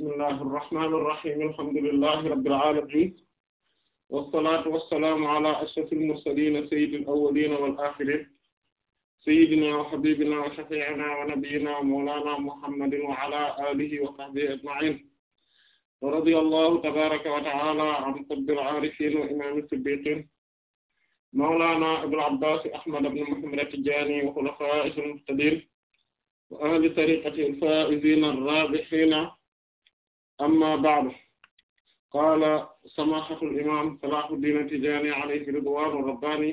bismillahi irrahmani irrahim alhamdulillahi rabbil alamin wassalatu wassalaamu ala ashrafil mursalin sayyidil awwalin wal akhirin sayyidina wa habibina wa shafi'ina wa nabiyyina wa mawlana muhammadin wa ala alihi wa sahbihi ajma'in wa radiyallahu tabaraka wa ta'ala an qutbil aarifin wa imamis siddiqin mawlana abul abbas ahmad ibn muhammad at-tijani wa khulafa'ihil muhtadin wa ahli tariqati al-fa'izina ar-rabihina amma ba'du qaala samaahatul imaam Salaahuddin Tijaani alayhi ridwaanu rabbaani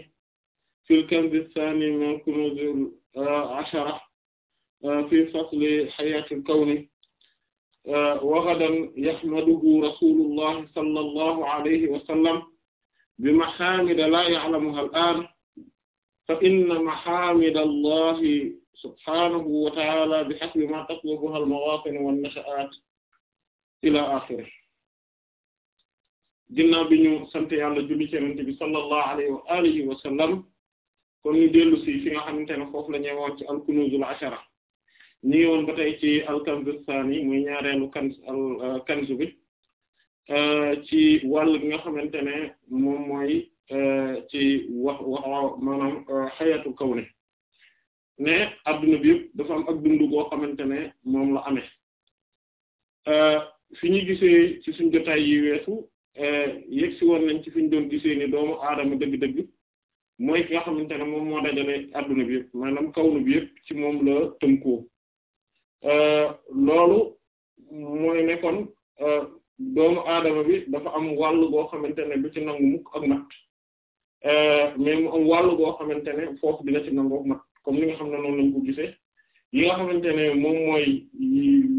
fil kanzi saani min kunuuzil ashara fi fasli hayaatil kawni wa ghadan yahmaduhu rasuulullahi sallallahu alayhi wa sallam bi mahaamida laa ya'lamuhaa al-aan fa inna mahaamidallahi subhaanahu wa ta'aalaa bi hasbi maa tatlubuhaa al-mawaatinu wan-nashaa'aat ila axiri ginnaaw bi ñu sant yàlla julli ci yonent bi sallallahu alayhi wa alihi kon ñu dellu si fi nga xamante ne foofu la ñuy wax ci alkunuzul ashara ñu ngi woon ci alkanzu saani muy ñaareelu kanz al euh, bi euh, ci wàll bi nga xamante ne moom mooy euh, ci wax wax maanaam xayatu kawni ne adduna bi yëpp dafa am ak dundu goo xamante ne moom la amee. fi ñu gisee ci suñ jotaay yi weesu eh, yegg si woon nañ ci fi ñu doon gisee ni doomu aadama dëgg-dëgg mooy ki nga xamante ne moom moo dajale adduna bi yëpp maanaam kawnu bi yëpp ci moom la tënkoo eh, loolu mooy nekkoon kon eh, doomu aadama bi dafa am wàll goo xamante ne du ci nangu mukk ak mat mais mu am wàll goo xamante ne bi dina ci nangu ak mat comme ni nga xam ne noonu lañ ko gisee yi nga xamante ne moom mooy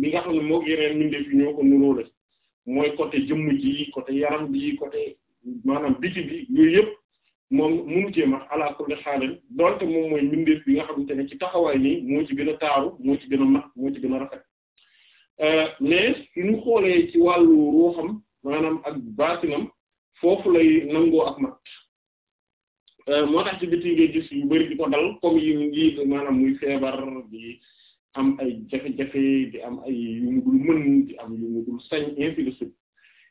li nga xam ne moo yeneen mindee fi ñoo ko nuróole mooy côté jëmm ji côté yaram bi côté maanaam biti bi yëpp moom munu cee max ala kulli xaalin donte moom mooy mbindeef bi nga xamante ne ci taxawaay nii moo ci gën a taaru moo ci gën a mat moo ci gën a euh, mais suñu xoolee ci wàllu ruuxam maanaam ak baatinam foofu lay nangoo ak mat Euh, moo tax ci biti ngay gis yu bari di ko dal comme yi ngi maanaam muy feebar di am ay jafe-jafe di am ay yu mën di am yu sañ ainsi de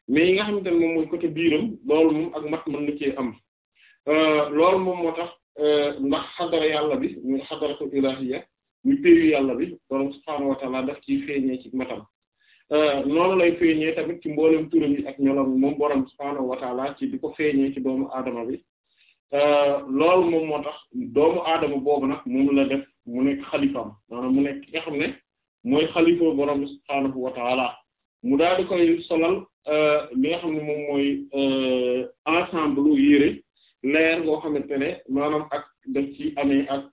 mais yi nga xamante ne moom mooy côté biiram loolu moom ak mat mën na cee am euh, lool moom moo tax euh, ndax xadara yàlla bi muy xadaratul ilahiyya muy péyu yàlla bi borom subhaanahu wa ta'ala daf ciy feeñee ci matam noonu lay feeñee tamit ci mboolem turam yi ak ñolam moom borom subhaanahu wa ta'ala ci di ko feeñee ci doomu aadama bi Euh, loolu moom moo tax doomu aadama boobu nag moom la def mu nekk xalifaam mu nekk ki nga xam ne mooy xalifa borom bi subhaanahu wa taala mu daal di koy solal euh, li nga xam ne moom mooy euh, ensemble yére leer ngoo xamante ne maanaam ak daf ci amee ak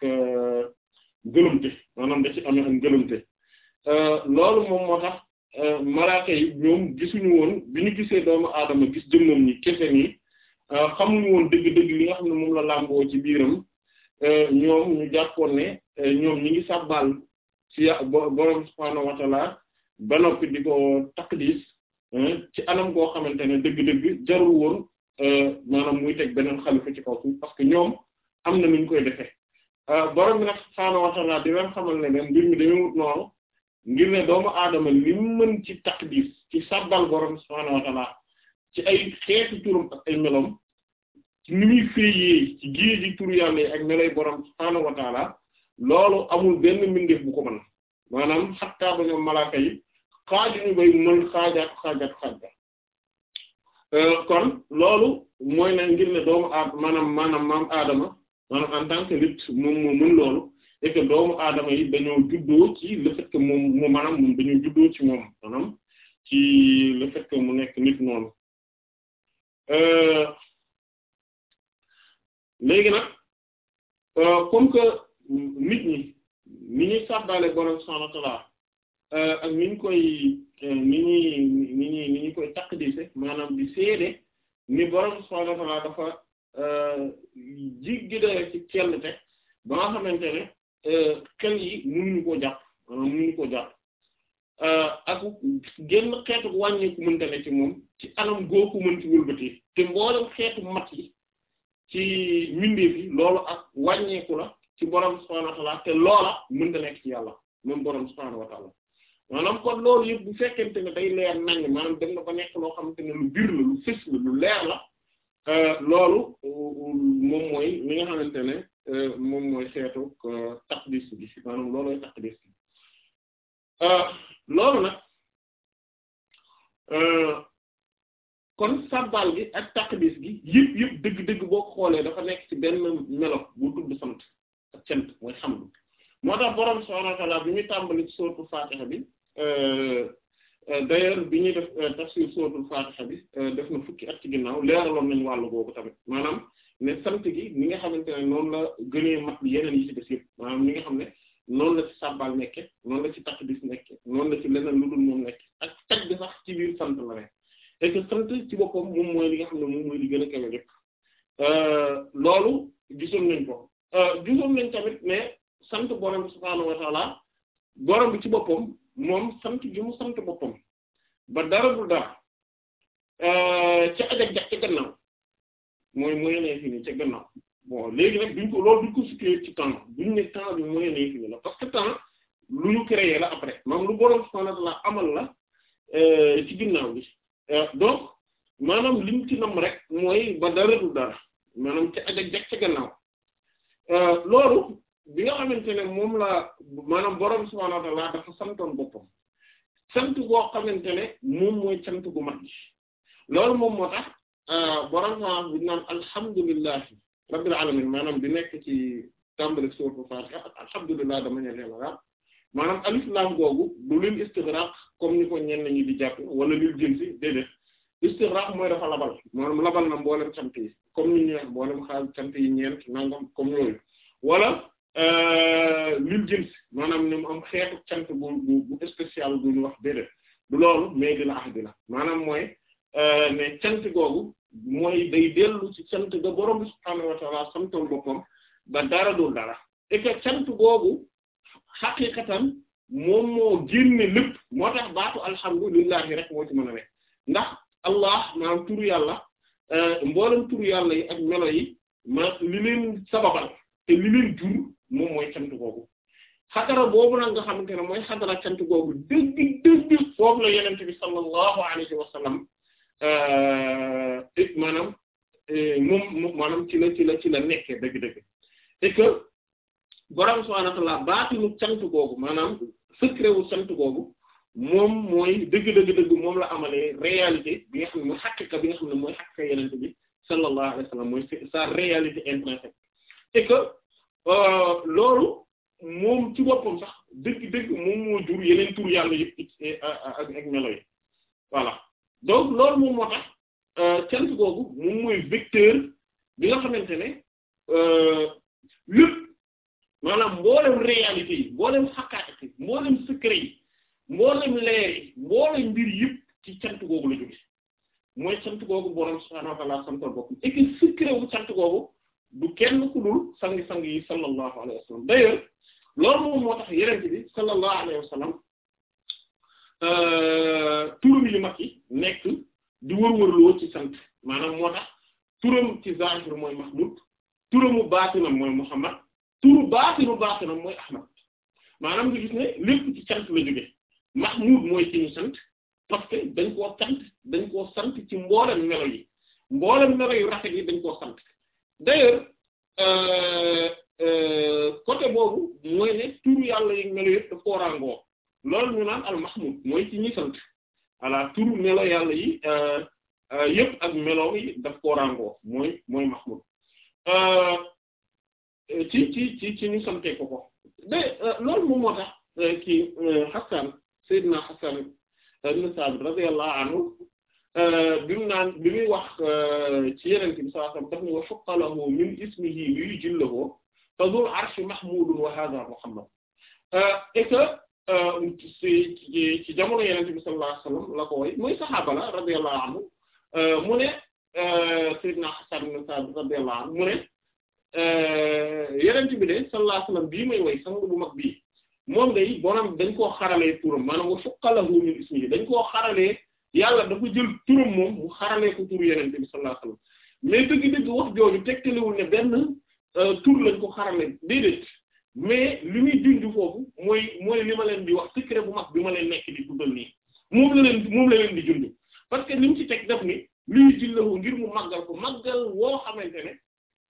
gëlëmte maanaam da ci amee ak gëlëmte loolu moom moo tax malaaka yi ñoom gisuñu woon bi ñu gisee doomu aadama gis jëmmam ñi kese nii Euh, xamuñu woon dëgg-dëgg li nga xam ne moom la làmboo ci biiram euh, ñoom ñu jàppoon ne euh, ñoom ñi ngi sàbbal ci borom subhaanahu wa ta'ala ba noppi di ko taqdis ci anam goo xamante ne dëgg-dëgg jarul woon maanaam muy teg beneen xalifa ci kaw suuf parce que ñoom am na nuñ koy defee borom bi nag subhaanahu wa ta'ala di leen xamal ne leen mbir mi dañu wut noonu ngir ne doomu aadama li mu mën ci taqdis ci sàbbal borom subhaanahu wa ta'ala ci ay xeetu turam ak ay melom ci ni muy féeyee ci géeji tur yàlla yi ak meloy borom subhaanahu wa taala loolu amul benn mbindeef bu ko mën maanaam xattaa ba ñoom malaaka yi xaajuñu bay mën xaajaat xaajaat xaajaat euh, kon loolu mooy na ngir ne doomu aadama maanaam maanaam maam en tant que nit moom moo mën loolu et que doomu aadama juddoo ci le fait moom moom maanaam moom dañoo juddoo ci moom maanaam ci le fait mu nekk nit noonu Euh, léegi nag euh, comme que nit ñi ni ñuy sàbbaale borom subhaanahu wa euh, ak ni ñu koy ni ñuy ni ñuy ni ñu koy taqdiise maanaam di seede ni borom subhaanahu wa ta'aala dafa jiggi dayoo ci kenn te ba nga xamante ne xel yi mënuñu koo jàpp maanaam mënuñu koo jàpp. Euh, ak génn xeetu wàññi ku mënta ne ci moom ci anam goo ko mën ci wëlbatee te mboolem xeetu mat yi ci mbindeef yi loolu ak wàññeeku la ci borom subhaanahu wa ta'aala te loola mënta nekk ci yàlla moom boroom subhaanahu wa ta'aala maanaam kon loolu yëpp bu fekkente ne day leer nañ maanaam dem na ba nekk loo xamante ne lu biir la lu fës la lu leer la euh, loolu moom mooy li nga xamante ne euh, moom mooy xeetu taqdis bi maanaam loolooy taqdis bi loolu nag euh, kon sabbal gi ak taqdis gi yëpp yëpp dëgg-dëgg boo ko xoolee dafa nekk ci benn melo bu tudd sant ak cant mooy xamdu moo tax boroom subhaanahu wa ta'aala bi muy tàmbali ci sóotu Faatiha bi euh, euh, d'ailleurs bi ñu def tafsir sóotu Faatiha bi def na fukki at ci ginnaaw leeraloon nañu wàll boobu tamit maanaam ne sant gi ni nga xamante ne noonu la gënee mat yeneen yi ci des yëpp maanaam ñi nga xam ne noonu la ci sàbbal nekke noonu la ci taqdis nekke noonu ci leneen lu dul moom nekke sax ci biir sant la ne et sant ci boppam moom mooy li nga xam ne moom mooy li gën a kawe lépp euh, loolu gisoon nañ ko euh, gisoon nañ tamit ne sant borom bi subhaanahu wa taala bi ci boppam moom sant gi sant boppam ba dara du dara euh, ca ajak jak ca gannaaw mooy moy nee fi ni ca gannaaw bon léegi nag duñ ko loolu duñ ko situé ci temps buñ ne temps bi mooy nekk bi la parce que temps lu ñu créé la après maanaam lu borom subhaanahu wa ta'aala amal la euh, ci ginnaaw bi euh, donc liñ ci nam rek mooy ba dara du euh, loolu bi nga xamante ne moom la maanaam borom subhaanahu wa ta'aala dafa santoon boppam sant boo xamante ne moom mooy sant gu mat gi loolu moom moo tax borom subhaanahu wa naan alhamdulillahi rabbil alamin maanaam bi nekk ci tàmbali suuratul Faatiha ak alhamdulillah dama ne a la maanaam alif laam googu du lil istighraq comme ni ko ñenn ñi di jàpp wala lil jinsi déedéet istighraq mooy dafa labal maanaam labal na mboolem cant yi comme ni ñuy wax mboolem xaal cant yi ñeent nangam comme yooyu wala euh, lil jinsi maanaam ni mu am xeetu cant bu bu spécial bu ñu wax déedéet du loolu mais dina ah dina maanaam mooy euh, ne cant googu. mooy day dellu ci sant ga borom bi subhaanahu wa ta'ala santal boppam ba dara dul dara et que sant googu xaqiqatan moom moo génne lépp moo tax baatu alhamdulillahi rek moo ci mën a ndax allah maanaam turu yàlla euh, mboolem turu yàlla yi ak melo yi ma li leen sababal te li leen jur moom mooy sant googu xadara boobu nag nga xamante ne mooy xadara sant googu dëgg dëgg foofu la yenente bi sallallahu alayhi wa sallam Euh, maanaam moom maanaam ci la ci la ci la nekkee dëgg-dëgg et que borom subhaanahu wa ta'aala baatinu googu maanaam secret wu sant googu moom mooy dëgg-dëgg dëgg moom la amalee réalité bi nga xam ne mooy xaqiqa bi nga xam ne mooy xaqiqa yenente bi sallallahu alayhi wa sallam mooy sa réalité intrinsèque et que euh, loolu moom ci boppam sax dëgg-dëgg moom moo jur yeneen tur yàlla yëpp ak ak melo yi voilà donc loolu moom moo tax euh, cant googu moom mooy vecteur bi nga xamante ne euh, lépp maanaam mboolem réalité yi mboolem xaqaati mboolem secret yi mboolem leer yi mboolem mbir yëpp ci cant googu la jóge mooy sant googu borom subhaanahu wa ta'aala santal boppam et que secret wu googu du kenn ku dul sangi-sang yi sallallahu alayhi wa sallam loolu moom moo tax yeneen bi sallallahu alayhi wa Euh, turam yu mag yi nekk di wërwërloo ci sant maanaam moo tax turam ci zahir mooy Mahmoud turamu baatinam mooy Muhammad turu baatinu baatinam mooy Ahmad maanaam nga gis ne lépp ci sant la jóge Mahmoud mooy ci sant parce que dañ koo sant dañ koo sant ci mboolem melo yi mboolem melo yu rafet yi dañ koo sant d'ailleurs euh, euh, côté boobu mooy ne turu yàlla yi melo yëpp daf koo ràngoo loolu ñu naan al-mahmud mooy ci ñi sant voilà melo yàlla yi euh, euh, yëpp ak melo yi daf ko mooy mooy mahmud euh, ci ci ci ci ñu sante ko ko de loolu moo tax kii Hassan Seydina Hassan ibn anhu bi mu naan bi muy wax ci yeneen bi sallallahu alayhi wasallam daf ni wa shaqqa min ismihi li yujillahu fa dhul arshi mahmudun wa hadha muhammad Euh, um, ci ci jamono Yonent bi sallallahu alayhi la ko woy muy saxaaba la radiyallahu anhu euh, mu ne euh, Sayyidina Hasan ibn Saabit radiyallahu mu ne Yonent bi de sallallahu alayhi bii may woy sang bu mag bii moom day borom dañ koo xaralee turam maanaam wa shaqqa lahu min ismihi dañ koo xaralee yàlla dafa jël turam moom mu xaralee ko turu Yonent bi sallallahu alayhi wasallam mais dëgg-dëgg wax jooju tegtalewul ne benn tur lañ ko xaralee déedéet. mais li muy dindi foofu mooy mooy li ma leen bi wax secret bu mag bi ma leen nekk di dugal nii moom la leen moom la leen di dund parce que li mu ci teg def ni luy jillahu ngir mu màggal ko màggal woo xamante ne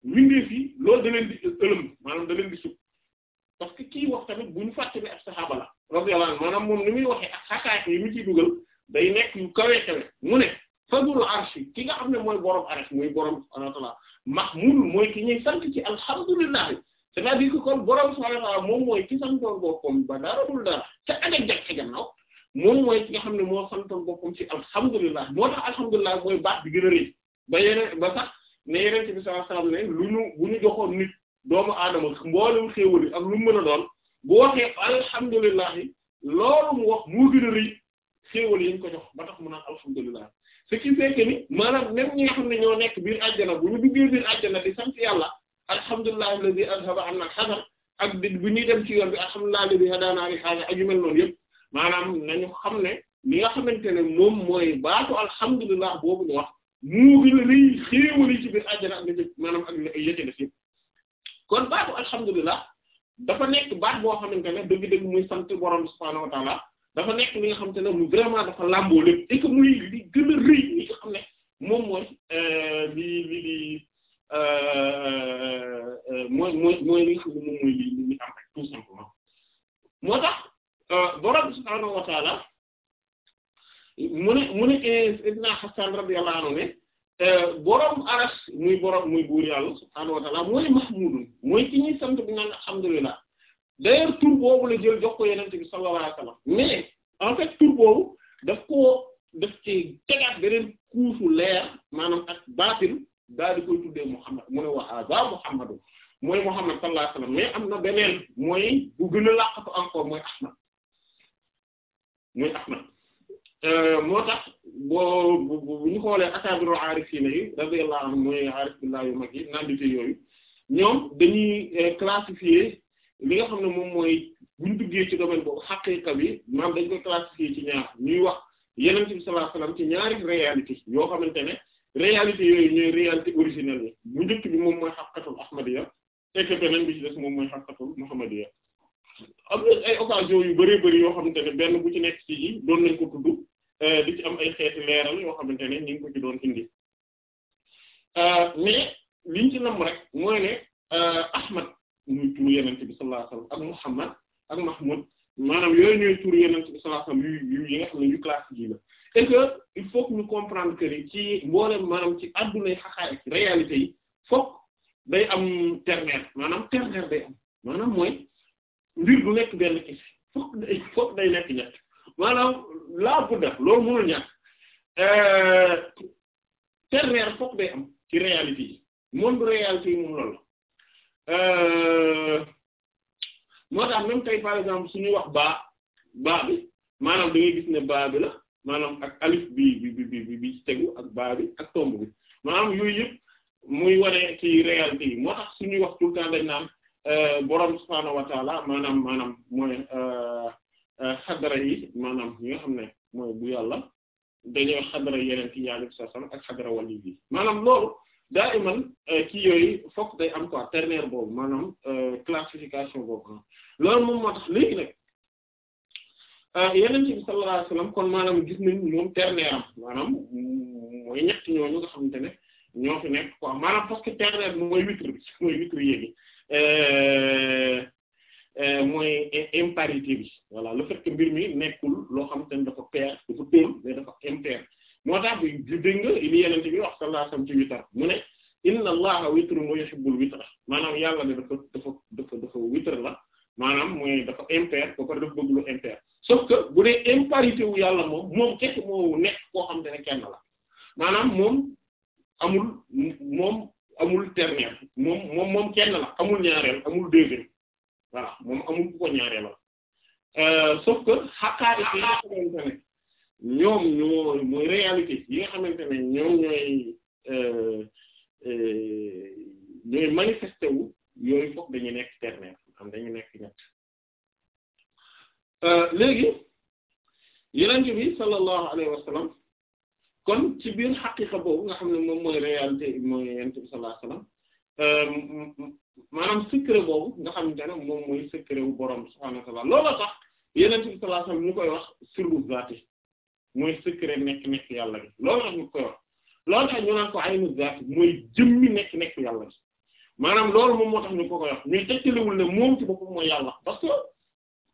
mbindeef yi loolu da leen di ëlëm maanaam da leen di sukk parce que kii wax tamit bu ñu fàtte ne ab saxaaba la radiyallahu anhu moom li muy waxee ak xakaat yi mu ciy dugal day nekk yu kawee kawe mu ne fadul arshi ki nga xam ne mooy boroom arsh mooy boroom subhaanahu wa ta'aala mahmud mooy ki ñuy sant ci alhamdulillahi c'est-à-dire kon borom subhaanahu wa moom mooy ci santoon boppam ba dara dul dara a ak jag ci gannaaw moom mooy ci nga xam ne moo santoon boppam ci alhamdulilah moo tax alhamdulilah mooy baat bi gën a ba yeneen ba sax ne yeneen ci lu ñu bu ñu joxoon nit doomu aadama mboolem xéewal ak lu mu mën a doon bu waxee alhamdulilah yi loolu mu wax moo gën a rëy xéewal yi ko jox ba tax mu naan alhamdulilah ce qui fait que ni maanaam même ñi nga xam ne ñoo nekk biir àjjana bu ñu duggee biir àjjana di sant yàlla. alhamdulillahi alladhi azhaba anna al-hazan ak bi bu ñuy dem ci yoon bi alhamdulillahi alladhi hadana li hadha ak yu mel noonu yëpp maanaam nañu xam ne li nga xamante ne moom mooy baatu alhamdulilah boobu ñu wax mu ngi ci biir àjjana ak ak li ay kon baatu alhamdulilah dafa nekk baat boo xamante ne dëgg-dëgg muy sant borom subhaanahu wa taala dafa nekk li nga xamante ne mu vraiment dafa làmboo lépp et que muy gën a rëy li nga xam ne moom mooy euh, li li li. Euh, euh, euh, mooy mooy mooy li nga xam ne moom mooy li ñu moo tax borom subhaanahu wa mu ne mu ne Ibn Hassan radiyallahu anhu ne borom aras muy borom muy buur yàlla subhaanahu wa mooy mahmudun mooy ki ñuy sant bi naan alhamdulillah d'ailleurs tur boobu la jël jox ko yeneen bi sallallahu alayhi mais en fait tur boobu daf koo daf ci tegaat beneen kuufu leer maanaam ak baatil daal di koy tuddee Muhammad mu ne wa haaza Muhammadu mooy Muhammad sallallahu alayhi wa am na beneen mooy bu gën a làqatu encore mooy mooy Ahmad euh, moo tax boo bu ñu xoolee akaabiru aarifiina yi radiyallahu anhum mooy aarif billahi yu mag yi nandite yooyu ñoom dañuy euh, classifier li nga xam ne moom mooy buñ ñu duggee ci domaine boobu xaqiiqa yi maam dañ koy classifier ci ñaar ñuy wax yeneen bi sallallahu alayhi ci ñaari réalité yoo xamante ne réalité yooyu ñooy réalité originelle bu njëkk bi moom mooy xaqiqatul ahmadiyya et que beneen bi moom des moom mooy xaqiqatul muhammadiyya am na ay occasion yu bëree bari yoo xamante ne benn bu ci nekk ci yi doon nañ ko tudd euh, di ci am ay xeeti leeral yoo xamante ne ni ngi ko ci doon indi euh, mais liñ ci nam rek mooy ne euh, ahmad muy turu yenent bi sallallahu ak muhammad ak mahmud maanaam yooyu ñooy turu yenent bi sallallahu yu yi nga xam ne yu classique yi la c'est que il faut que ñu comprendre que ci mboolem maanaam ci addunay xaqaay ci réalité yi fokk day am ternaire maanaam ternaire day am maanaam mooy mbir du nekk benn kese fokk day fokk day nekk ñett maanaam laa budda loolu mënul ñàkk euh, ternaire fokk day am ci réalité yi monde réalité yi moom loolu la euh, moo tax même tey par exemple suñuy wax baa baa bi maanaam da gis ne baa bi la maanaam ak alif bi bi bi bi bi ci tegu ak baa bi ak tomb bi maanaam yooyu yëpp muy wane ci réalité yi moo tax suñuy wax tout le temps dañ naan euh, borom subhaanahu wa taala maanaam maanaam mooy euh, euh, xadara yi maanaam ñi nga xam ne mooy bu yàlla dañoo xadara yeneen ci yàlla sa sam ak xadara wàllu bi maanaam loolu daa iman kii yooyu fokk day am quoi ternaire boobu maanaam classification boobu loolu moom moo tax léegi nag Euh, yeneen ci bi sallallahu kon maanaam gis nañ moom terneeram maanaam mooy ñett ñooñu nga xamante ne ñoo fi nekk quoi maanaam parce que terneer mooy witre bi mooy witre yéegi euh, euh, mooy imparité bi voilà le fait mbir mi nekkul loo xam ne dafa pair dafa tóol mais dafa impair moo tax bi dégg nga li yeneen bi wax sallallahu ci witar mu ne inna allaha witrun wa yuhibbul maanaam yàlla ne dafa dafa dafa dafa witre la maanaam mooy dafa impair ba pare dafa bëgg lu impair que bu dee imparité wu yàlla moom moom kese moo nekk koo xam te ne kenn la maanaam moom amul moom amul ternaire moom moom moom kenn la amul ñaareel amul deuxième voilà moom amul ku ko ñaareel la euh, sauf que xaqaa'iq yi nga xamante ne ñoom ñoo mooy réalité yi nga xamante ne ñooy euh, euh, ñooy manifesté wu yooyu foofu dañuy nekk ternaire am dañu nekk ñett euh, léegi yenent bi sallallahu alayhi wa kon ci biir xaqiqa boobu nga xam ne moom mooy réalité mooy yenent bi sallallahu alayhi wa sallam euh, maanaam secret boobu nga xamante ne moom mooy secret bu borom subhaanahu wa ta'aala tax yenent bi sallallahu alayhi wa koy wax sirru zaati mooy secret nekk-nekk yàlla bi loolu tax ñu koy wax loolu tax ñu naan ko aynu zaati mooy jëmmi nekk-nekk yàlla bi maanaam loolu moom moo tax ni ko koy wax mais tegtalewul ne moom ci boppam mooy yàlla parce que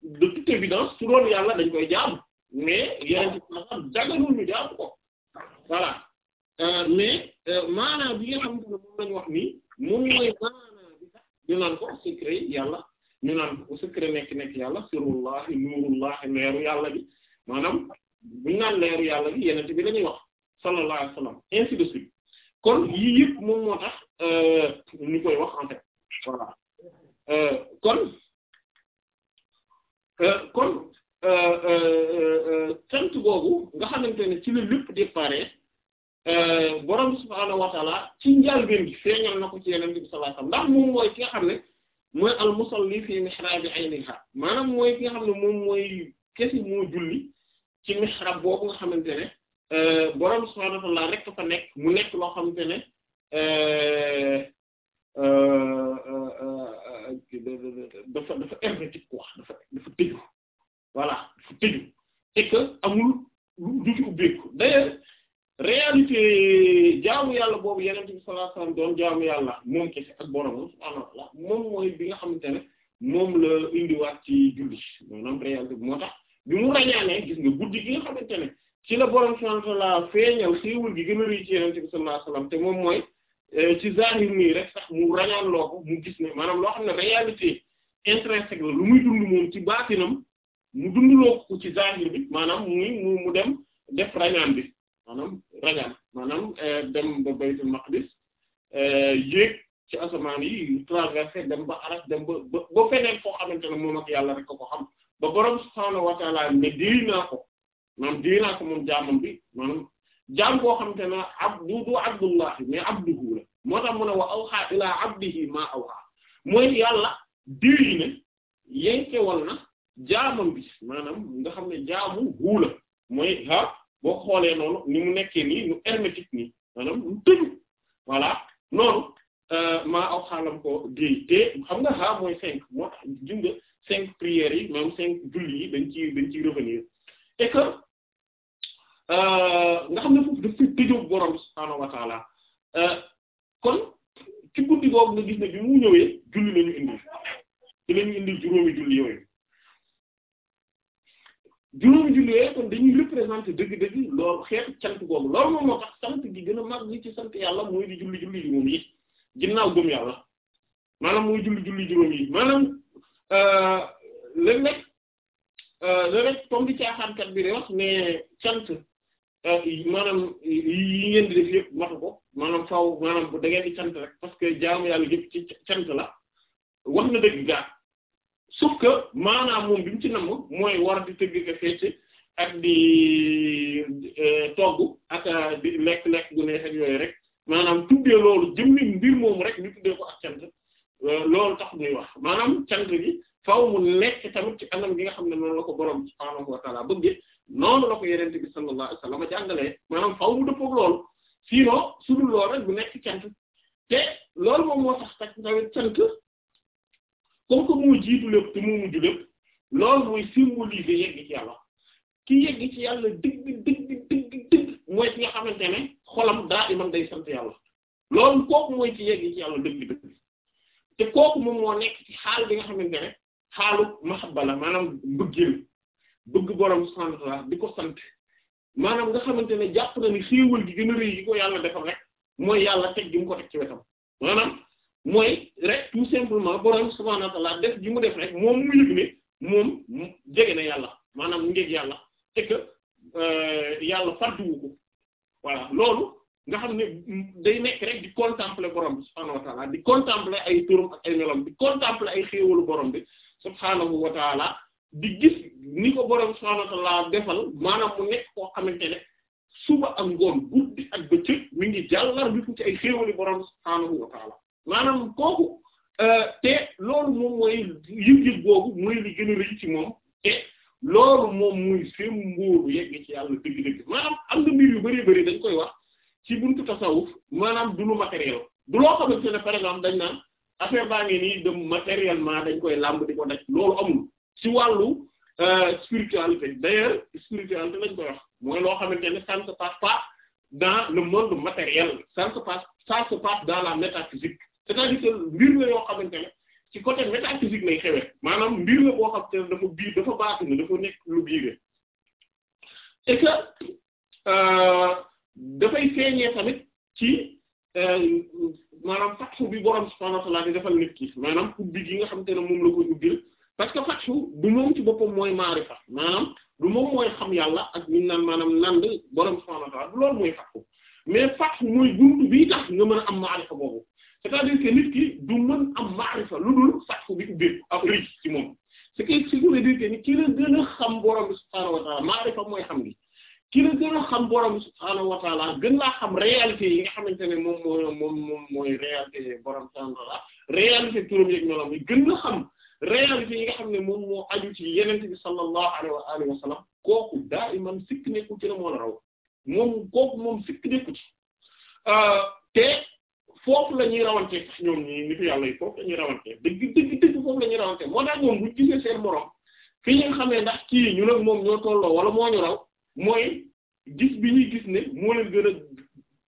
de toute évidence su doon yàlla dañ koy jaam mais yeneen ci maanaam jagalul ñu jaam voilà euh, mais euh, maanaam bi nga xamante ne moom wax nii moom ñu naan ko secret yàlla ñu naan ko secret nekk nekk yàlla sirullahi nurullahi leeru yàlla bi maanaam buñu naan leeru yàlla bi yeneen bi la ñuy wax sallallahu alayhi wasallam ainsi de kon yii yëpp moom moo tax ñu euh, koy wax en euh, kon euh, kon sant boobu nga xamante ne ci la lépp déparé borom subhaanahu wa taala ci njàlbéen gi feeñal na ko ci yeneen bi sallallahu alayhi ndax moom mooy ki xam ne mooy al musalli fi mihraabi ayniha maanaam mooy ki xam ne moom mooy kesi moo julli ci mihrab boobu nga xamante ne borom subhaanahu wa taala rek fa nekk mu nekk loo xamante ne. Euh, euh, euh, dafa dafa hermétique quoi dafa dafa tëju voilà dafa tëju et que amul du ci ubbeeku d'ailleurs réalité jaamu yàlla boobu yeneen bi sallallahu alayhi wasallam doon jaamu yàlla moom kese ak borom subhaanahu wa moom mooy bi nga xamante ne moom la indiwaat ci julli maanaam réalité moo tax bi mu ràññaanee gis nga guddi gi nga xamante ne la borom subhaanahu wa ta'aala feeñal xéewal gi gën a rëy ci yeneen bi sallallahu alayhi wasallam te moom mooy. Euh, ci zahir nii rek sax mu rañaan loo ko mu gis ne maanaam loo xam ne réalité intrinsèque la lu muy dund moom ci baatinam mu dundloo ko ci zahir bi maanaam muy mu mu dem def rañaan bi maanaam rañaan maanaam euh, dem ba baytul maqdis euh, yéeg ci asamaan yi traversé dem ba aras dem ba ba ba feneen foo xamante ne moom ak yàlla rek ko ko xam ba borom subhaanahu wa ta'ala ne ko maanaam diri ko moom jaamam bi maanaam jaam boo xam te ne ab du du abdullahi mais abduhu la moo tax mu ne wa awha ilaa abdihi maa awha mooy yàlla diri ne yenkewal na jaamam bi maanaam nga xam ne jaamu huu la mooy ha boo xoolee noonu ni mu nekkee nii nu hermétique nii maanaam nu tëju voilà noonu euh, maa aw xaalam ko géey te xam nga ha mooy cinq moo tax junga cinq prières yi même cinq julli yi dañ ci dañ ciy Euh, nga xam ne foofu daf fi tëjoo borom subhaanahu wa euh, kon ci guddi googu nga gis ne bi mu ñëwee julli lañu indi ci lañu indi juróomi julli yooyu juróomi julli yooyu kon dañuy représenter dëgg-dëgg loolu gi gën a mag ñi ci sant yàlla mooy di julli julli yi moom yi ginnaaw gëm yàlla maanaam mooy julli julli juróom yi maanaam léeg-léeg euh, léeg-léeg comme di caaxaankat bi di wax mais cant Euh, maanaam yi ngeen di def yëpp matu ko maanaam faw maanaam bu ngeen di cant rek parce que jaamu yàlla yëpp ci cant la wax na dëgg gaa sauf que maanaam moom bi mu ci namm mooy war di tëgg ka fecc ak di euh, togg lekk-lekk euh, gu neex ak yooyu rek maanaam tuddee loolu jëmmi mbir moomu rek ñu tuddee ko ak cant loolu tax ñuy wax maanaam cant gi faaw mu nekk tamit ci anam gi nga xam ne noonu la ko boroom subhaanahu wa ta'ala bëgge noonu la ko yenente bi sallallahu alayhi wasallam jàngalee maanaam faaw mu dëppook loolu sinon su dul loolu rek bu nekk cant te loolu moom moo tax tak tamit yàlla ki yegg nga xamante ne xolam daa iman day sant yàlla loolu kooku mooy ci kooku moom moo nekk ci xaal bi nga xamante ne xaalu mahabba la maanaam bëggeel bëgg borom subhaanahu wa ta'aala di ko sant maanaam nga xamante ne jàpp na ni xéewal gi gën a rëy gi ko yàlla defal rek mooy yàlla teg gi mu ko teg ci wetam maanaam mooy rek tout simplement borom subhaanahu wa ta'aala def gi mu def rek moom mu yëg ne moom jege na yàlla maanaam mu yàlla te que euh, yàlla fàttuwu ko voilà loolu nga xam ne day nekk rek di contempler borom subhaanahu wa ta'aala di contempler ay turam ak ay melam di ay xéewalu borom bi subhaanahu wa di gis ni ko borom subhaanahu laa defal maanaam mu nekk koo xamante ne suba ak ngoon guddi ak bëccëg mi ngi jàllar bi fu ci ay xéewali borom subhaanahu wa ta'aala maanaam kooku euh, te loolu moom mooy yëg boobu mooy li gën a rëy ci moom te loolu moom muy seen mbóoru yegg ci yàlla dëgg-dëgg maanaam am na mbir yu bari bari dañ koy wax ci buntu tasawuf maanaam du lu matériel du loo xamante ne par exemple dañ naan affaire baa ngi nii de matériellement dañ koy làmb di ko daj loolu amul ci wàllu euh, spiritualité d'ailleurs spiritualité lañ koy wax mooy loo xamante ne ça ne se passe pas dans le monde matériel ça ne se passe ça se passe dans la métaphysique ne ci côté métaphysique lay xewee maanaam mbir la boo xam te dafa biir dafa baatu dafa nekk lu biire et que euh, dafay feeñee tamit ci euh, maanaam fatxu bi borom subhaanahu wa defal nit ki maanaam ubbi yi nga xam xamante ne moom la ko ubbil parce que fatxu du moom ci boppam mooy maarifa maanaam du moom mooy xam yàlla ak ñu naan maanaam nand borom subhaanahu wa ta'aala loolu mooy fatxu mais fatxu mooy buntu bii tax nga mën a am maarifa boobu c'est-à-dire que nit ki du mën am maarifa lu dul fatxu bi ubbeeku ak ci moom ce qui ce qui veut dire que ni ki la gën a xam borom subhaanahu wa maarifa mooy xam gi ki la gën a xam borom subhaanahu wa gën laa xam réalité yi nga xamante moom moo réalité yi nga xam ne moom moo aju ci yenent bi sallallahu alayhi wa alihi wa kooku daa iman sikk nekku ci la moo la raw moom kooku moom sikk nekku ci euh, te foofu la ñuy rawantee sax ñoom ñi nitu ñuy rawantee dëgg moo tax ñoom buñ gisee seen morom fi ñu xamee ndax kii ñu nag moom ñoo tolloo wala moo ñu raw mooy gis bi ñuy gis ne moo leen gën a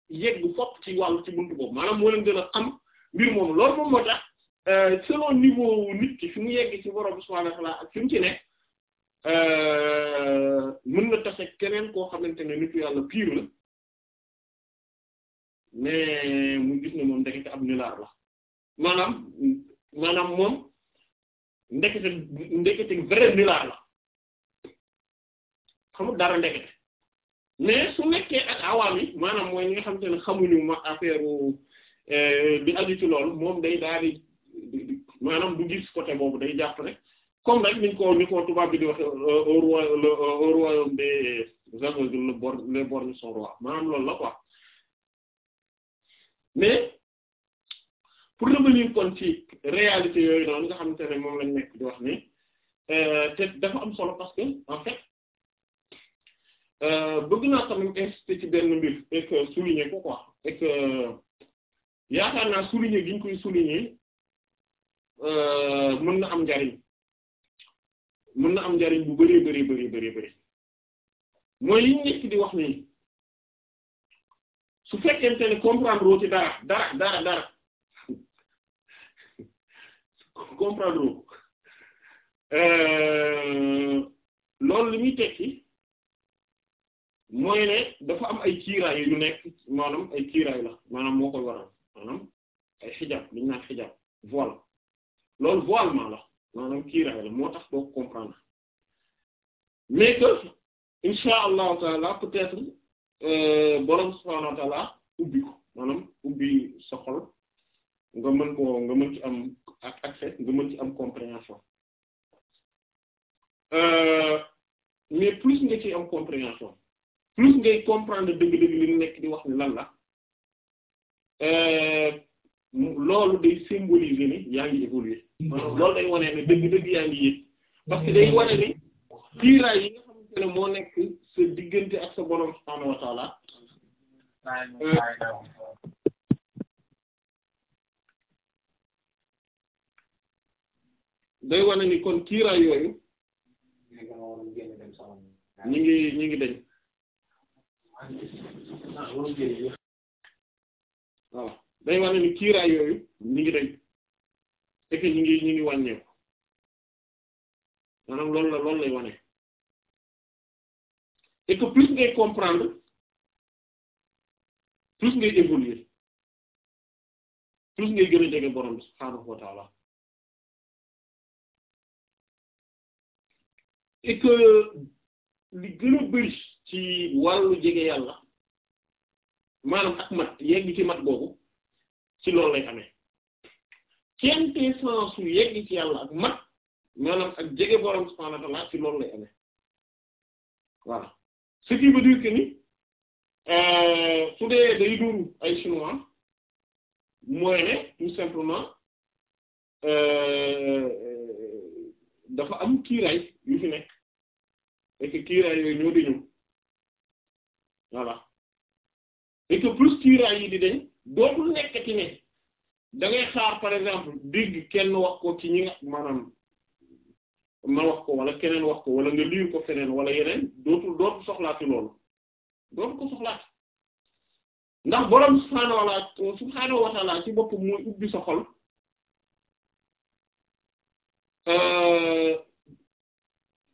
yegg fopp ci wàll ci buntu boobu maanaam moo leen gën a am mbir moom loolu moom moo tax Euh, selon niveau nit ki fi mu yegg ak fi mu ci euh, keneen koo xamante ne nitu yàlla mu gis ne moom maanaam moom ndekete ndekete vrai nilaar la xamul su nekkee ak awaam yi maanaam mooy ñi nga xamante ne xamuñu ma affaire euh, bi aju ci loolu moom day daal maanaam bu gis côté boobu day jàpp ne comme rek niñ ko ni ko tubaab bi di waxe euh, au roi euh, au royaume des aveugles le borgne les borgnes sont rois maanaam loolu la kon ci réalité yooyu noonu nga xamante ne moom lañ nekk di wax ne euh, te dafa am solo parce que en fait bëgg naa tamit insister ci benn mbir et que souligner ko quoi et yaakaar naa souligner gi ñu koy souligner Euh, mën na am njariñ mën na am njariñ bu bëree bëri bëri bëri mooy li ñu di wax nii su fekkente ne comprendre woo ci dara dara dara dara comprendre woo euh, loolu muy tekki mooy ne dafa am ay kiiraay yu nekk maanaam ay kiiraay la maanaam moo koy waral maanaam ay xijaab li naan xijaab voile loolu voilement la maanaam kiiraay la moo tax doo comprendre mais que insha allahu taala peut-être euh, borom subhaanahu wa ubbi ko maanaam ubbi sa xol nga mën ko nga mën ci am ak accès nga mën ci am compréhension euh, mais plus nga ci am compréhension plus ngay comprendre dëgg-dëgg li nekk di wax ni lan la. Euh, loolu day symboliser ni yaa ngi évoluer loolu day wane ne dëgg-dëgg yaa ngi yéeg parce que day wane ni kiiraay yi nga xamante ne moo nekk sa diggante ak sa borom subhaanahu wa taala euh, day wane ni kon kiiraay yooyu ñi ngi ñi ngi dañ waaw day wane ni kiiraay yooyu ñu ngi dañ et que ngi ñu ngi wàññeeku maanaam loolu la loolu lay wane et plus ngay comprendre plus ngay évoluer plus ngay gën a jege borom bi subhaanahu wa ta'ala et li gën a bëri ci wàllu jege yàlla maanaam ak mat yegg ci mat boobu ci loolu lay amee quintessence su yegg ci yàlla ak mat maanaam ak jege borom subhaanahu wa ta'aala ci loolu lay amee voilà ce qui veut dire ni euh, su dee day dóoru ay chinois mooy ne tout simplement euh, dafa am kiiraay yu fi nekk et kiiraay yooyu ñoo di ñëw voilà et plus kiiraay yi di dañ dootul nekkati ne da xaar par exemple dégg kenn wax ko ci ñi nga maanaam ma wax ko wala keneen wax ko wala nga liir ko feneen wala yeneen dootul dootul soxlaati loolu dootul ko soxlaati ndax boroom subhaanahu wa ta'aala subhaanahu wa ta'aala ci boppam mooy ubbi sa xol euh,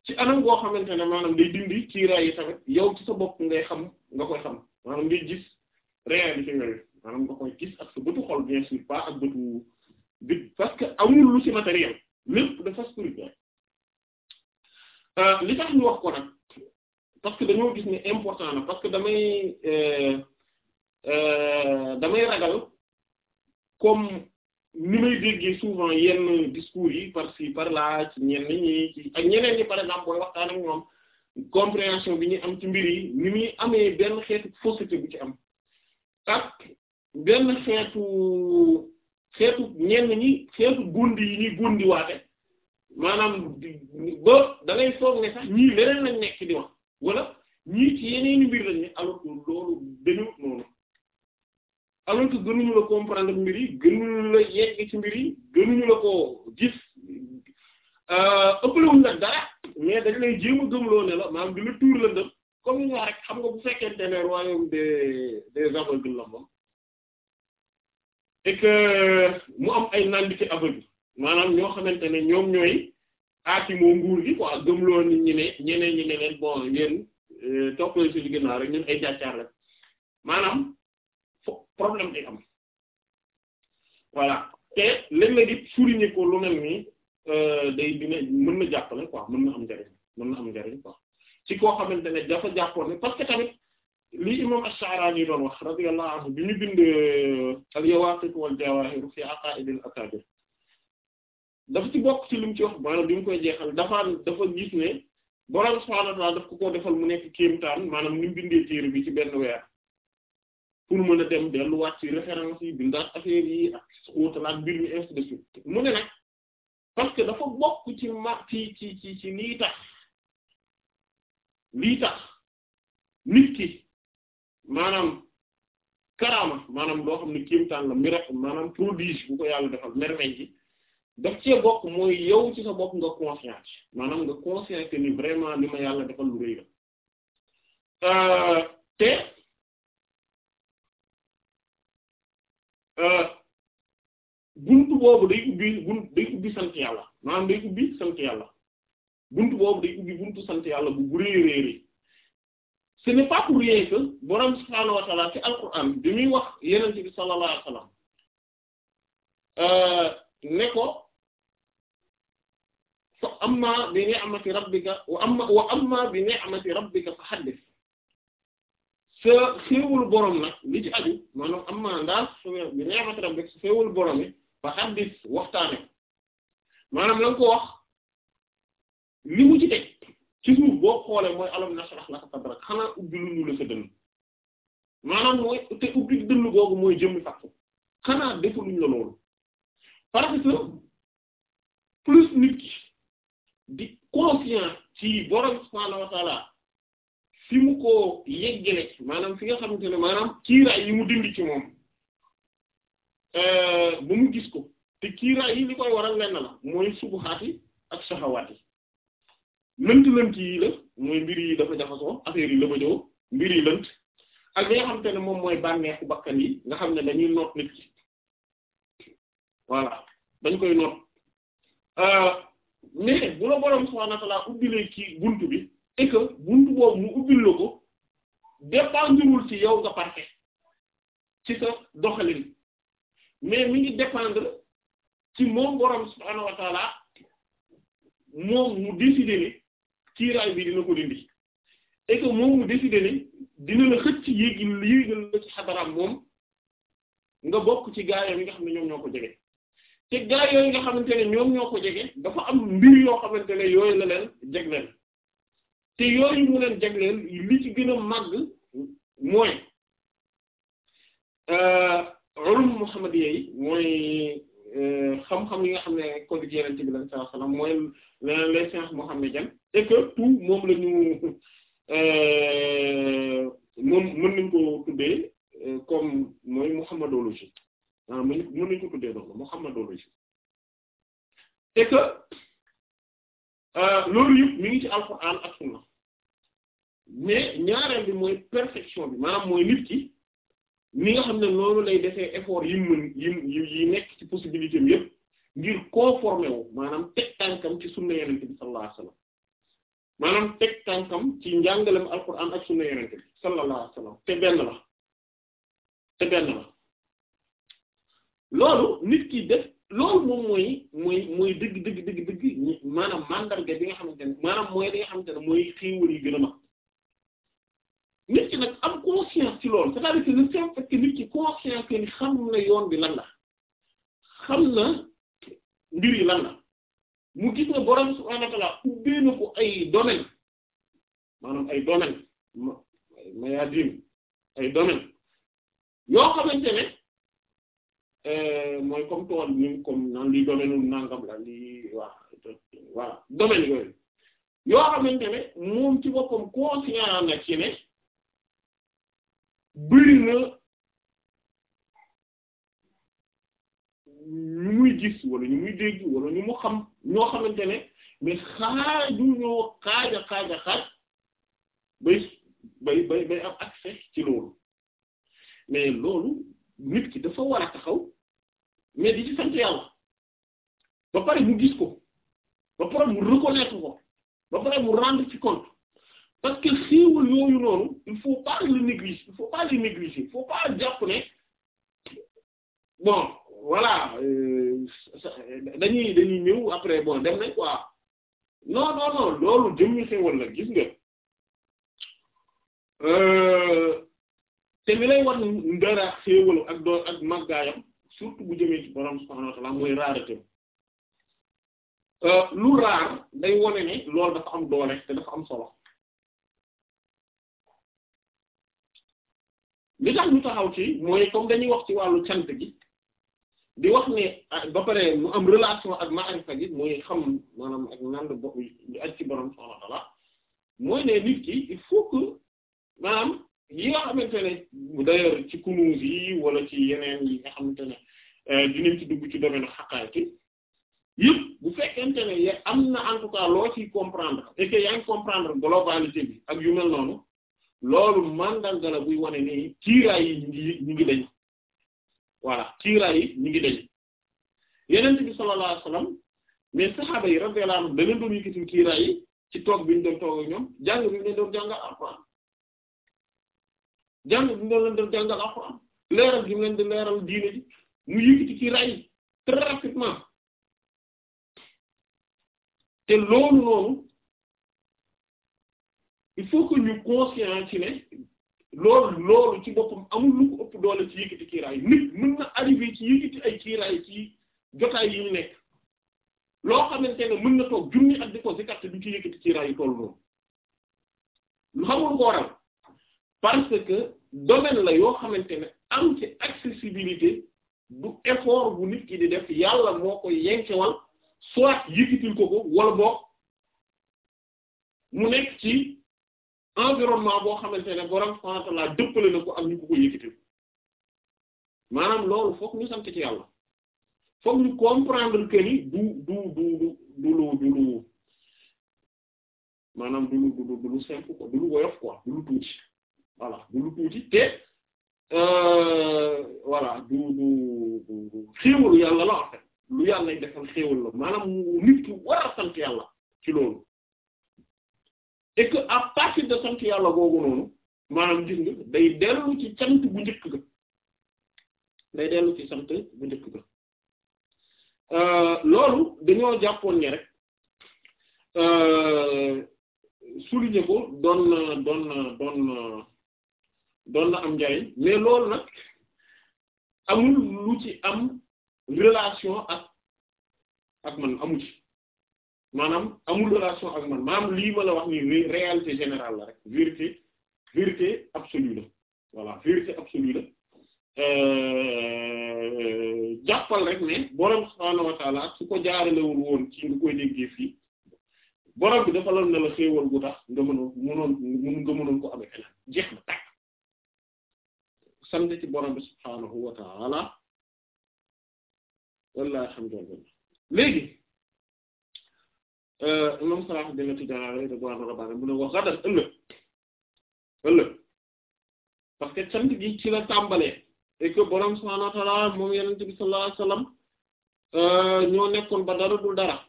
ci anam goo xamante ne maanaam day dindi ci raay yi tamit yow ci sa bopp ngay xam nga koy xam maanaam ngay gis réalité yooyu maanaam nga koy gis ak sa bëtu xol bien sûr pas ak bëtu bit parce que amul lu ci matériel lépp dafa spirituel euh, li tax ñu wax ko nag parce que dañoo gis ni important na parce que damay euh, euh, damay ragal comme ni may déggee souvent yenn discours yi par ci par là ci ñenn ñi ci ak ñeneen ñi par exemple booy waxtaan ak ñoom compréhension bi ñu am ci mbir yi ni muy amee benn xeetu fausseté bu ci am ak benn xeetu xeetu ñenn ñi xeetu gundi yi ñuy gundi waate maanaam ba da ngay ne sax ñii leneen lañ nekk di wax wala ñii ci yeneen mbir lañ ne alors que loolu dañu noonu alors gënuñu la comprendre mbir yi gënuñu la yegg ci mbir yi gënuñu la ko gis euh, ëppalewuñ la dara mais dañ lay jéem a gëmloo ne la maanaam di la tuur la def comme ni nga rek xam nga bu fekkente ne royaume des des aveugles la moom et mu am ay nandite aveugle maanaam ñoo xamante ne ñoom ñooy aati moo nguur gi quoi gëmloo nit ñi ne ñeneen ñi ne leen bon ngeen euh, toppale si li ginnaaw rek ñun ay jàccaar la maanaam fo problème day am voilà te léeg-léeg it souligner ko lu mel nii euh, day dina mën na jàppale quoi mën na am njariñ mën na am njariñ quoi ci koo xamante ne dafa jàppoon ne tamit lii imam Ash-Sha'rani doon wax radiyallahu anhu bi ñu bind euh, al-Yawaqit wal Jawahir fi Aqaid al-Akabir dafa ci bokk ci li ci wax maanaam bi mu koy jeexal dafa dafa gis ne borom subhaanahu wa ta'aala daf ko koo defal mu nekk kéemtaan maanaam ni mu bindee ci benn weer mën a dem delluwaat ci référence yi bindaat affaire yi ak xootalaat mbir mi ainsi mu ne nag parce que dafa bokk ci ma ci ci ci ci tax lii tax nit ki maanaam karaama maanaam loo xam ne kéemtaan la miracle maanaam prodige bu ko yàlla defal merveille yi daf cee bokk mooy yow ci sa bopp nga conscient maanaam nga conscient que ni vraiment li ma yàlla defal lu rëy la euh, te euh, buntu boobu day ubbi buntu day ubbi sant yàlla maanaam day ubbi sant yàlla buntu boobu day ubbi buntu sant yàlla bu bu rëy rëy ce n'est pas borom subhaanahu wa taala ci alquran bi wax yonent bi sallallahu alayhi wa sallam euh, ne ko bi ni'mati rabbika fa haddith sa xéewul borom nag li ci aju maanaam bi ni'mati rabbika sa xéewul borom fa haddith waxtaane maanaam la wax li mu ci teg ci suuf boo xoolee mooy alam nashrah laka sadrak xanaa ubbi lu ñu sa dënn maanaam mooy te ubbi dënn googu mooy jëmmi fàttu xanaa defaluñ la loolu parce que plus nit ki di conscient ci borom subhaanahu wa fi mu ko yeggale maanaam fi nga xamante ne maanaam kiiraay yi mu dindi ci moom euh, ba mu gis ko te kiiraay yi ni koy waral lenn la mooy subuhaat yi ak saxawaat lënt-lënt yi la mooy mbir yi dafa jaxasoo affaire yi la ba jow mbir yi lënt ak li nga xamante ne moom mooy bànneexu bakkan yi nga xam ne dañuy noot nit ki voilà dañ koy noot mais euh, bu la boroom subhaanahu wa ubbilee kii bunt bi et bunt boobu mu ubbil la ko dépendrewul ci yow nga parfait ci sa doxalin mais mi ngi dépendre ci moom boroom subhaanahu wa moom mu décider kiiraay bi dina ko dindi et moom mu décidé ne dina la xëcc yéegi yéegal la ci xadaraam moom nga bokk ci gaa yi nga xam ne ñoom ñoo ko jege te gaa yooyu nga xamante ne ñoom ñoo ko jege dafa am mbir yoo xamante ne yooyu la leen jegleen te yooyu mu leen jegleen li ci gën a màgg mooy euh, ulum muhammadiyya yi mooy xam-xam yi nga xam ne code yeneen ci bi lañ saa salaam mooy les les sciences mohammédiennes et que tout moom la ñu euh, moom mën nañ ko tuddee euh, comme mooy muhammadologie ah mën nañ ko tuddee loolu muhammadologie et que euh, nit ki ni nga xam ne loolu lay defee effort yi mën yi yi nekk ci possibilité am yëpp ngir conformé wu maanaam teg tànkam ci sunna yenente bi sallallahu alayhi maanaam teg tànkam ci njàngalem alquran ak sunna yenente bi sallallahu alayhi te benn la te benn la loolu nit ki def loolu moom mooy mooy dëgg dëgg dëgg dëgg maanaam mandarga bi nga xamante ne maanaam mooy li ne mooy xéewal yi gën a mag nit ki nag am conscience ci loolu c'est-à-dire que le simple conscience ni xam na yoon bi lan xam na mbir lan la mu gis ne borom subhaanahu wa ta'aala ubbee na ko ay domaine maanaam ay domaine mayaadim ay domaine yoo xamante ne eh, mooy comme tool ni comme naan lii domaine u nangam la lii waa domaine yooyu yoo xamante ne moom ci boppam conscient na ci ne bëri na ñu muy gis wala ñu muy dégg wala ñu mu xam ñoo xamante ne mais xaaju ñoo xaaja xaaja xaaj bay bay bay bay am ci loolu mais loolu nit ki dafa war a taxaw mais di ci sant yàlla ba pare mu gis ko ba pare mu reconnaître ko ba pare mu rendre ci compte parce que yooyu noonu il faut pas le négliger il faut pas le négliger il faut pas jàpp ne bon voilà euh, dañuy dañuy ñëw après bon dem nañ quoi non non loolu jëmmi xéwal la gis nga euh, te li lay war dara xéwal ak doo ak surtout bu jëmee ci borom subhaanahu mooy rareté euh, lu raar day wone ne loolu dafa am doole te dafa am solo li tax ñu taxaw ci mooy comme dañuy wax ci wàllu cant gi. di wax ne ah, ba pare mu am relation ak maarifa gi mooy xam maanaam ak nand bo ñu aj ci borom subhanahu wa ta'ala mooy ne nit ki il faut que maanaam yi nga xamante ne d'ailleurs ci kunuus yi wala ci yeneen yi nga xamante ne euh, dinañ ci dugg ci domaine xaqaay ki yëpp bu fekkente ne am na en tout cas loo ciy comprendre et yaa comprendre globalité bi ak yu mel noonu loolu mandarga la buy wane ni kiiraay yi ñu ngi ñu ngi dañ voilà kiiraay yi ñu ngi dañ yeneen bi sallallahu alayhi mais saxaaba yi radiyallahu anhum da leen doon yëkkati kiiraay yi ci toog bi ñu doon toog ñoom jàng bi ñu leen doon jàngal alxuraan leeral bi mu leen di leeral diine ji mu yëkkati kiiraay yi très rapidement te loolu noonu il faut que ñu conscient ne loolu loolu ci boppam amul lu ko ëpp doole ci yëkkati kiiraay nit mën na arrivé ci yëkkati ay kiiraay ci jotaay yi ñu nekk loo xamante ne mën na toog junni ak di ko zikar te du ci yëkkati kiiraay yi toll noonu lu xamul ko parce que domaine la yoo xamante ne am ci accessibilité du effort bu nit ki di def yàlla moo koy yenkewal soit yëkkatil ko ko wala boog mu nekk ci environnement boo xamante ne borom subhaanahu wa ta'aala dëppale na ko ak ñu ko ko yëkkati maanaam loolu fokk ñu sant ci yàlla fokk ñu comprendre que ni du du du du lu maanaam du lu du lu du lu simple quoi du lu woyof quoi du lu tuuti voilà du lu tuuti te euh, voilà du du du yàlla la lu yàlla defal xéewal la maanaam nit ki war a sant yàlla ci loolu. et que à partir de sant yàlla googu noonu maanaam gis nga day dellu ci sant bu njëkk ga day dellu ci sant bu njëkk ga euh, loolu dañoo jàppoon ne rek euh, souligner ko doon na doon doon doon na am njariñ mais lool nag amul lu ci am relation ak ak man amu ci maanaam amul relation ak man maanaam lii ma la wax nii réalité générale la rek vérité vérité absolue la voilà vérité absolue la euh, jàppal rek ne borom subhaanahu wa su ko jaaralewul woon ci nga koy déggee fii borom bi dafa lan na la xéewal gu tax nga mënoon ko amee feneen jeex na tàkk sant ci borom bi subhaanahu wa taala wallaahi alhamdulillah léegi imam euh, Salah dina Tijaani radiyallahu anhu mu ne wax gadal ëllëg ëllëg parce que cant gi ci la tàmbalee et que borom moom yonent bi sallallahu alayhi wa euh, ñoo nekkoon ba dara dul dara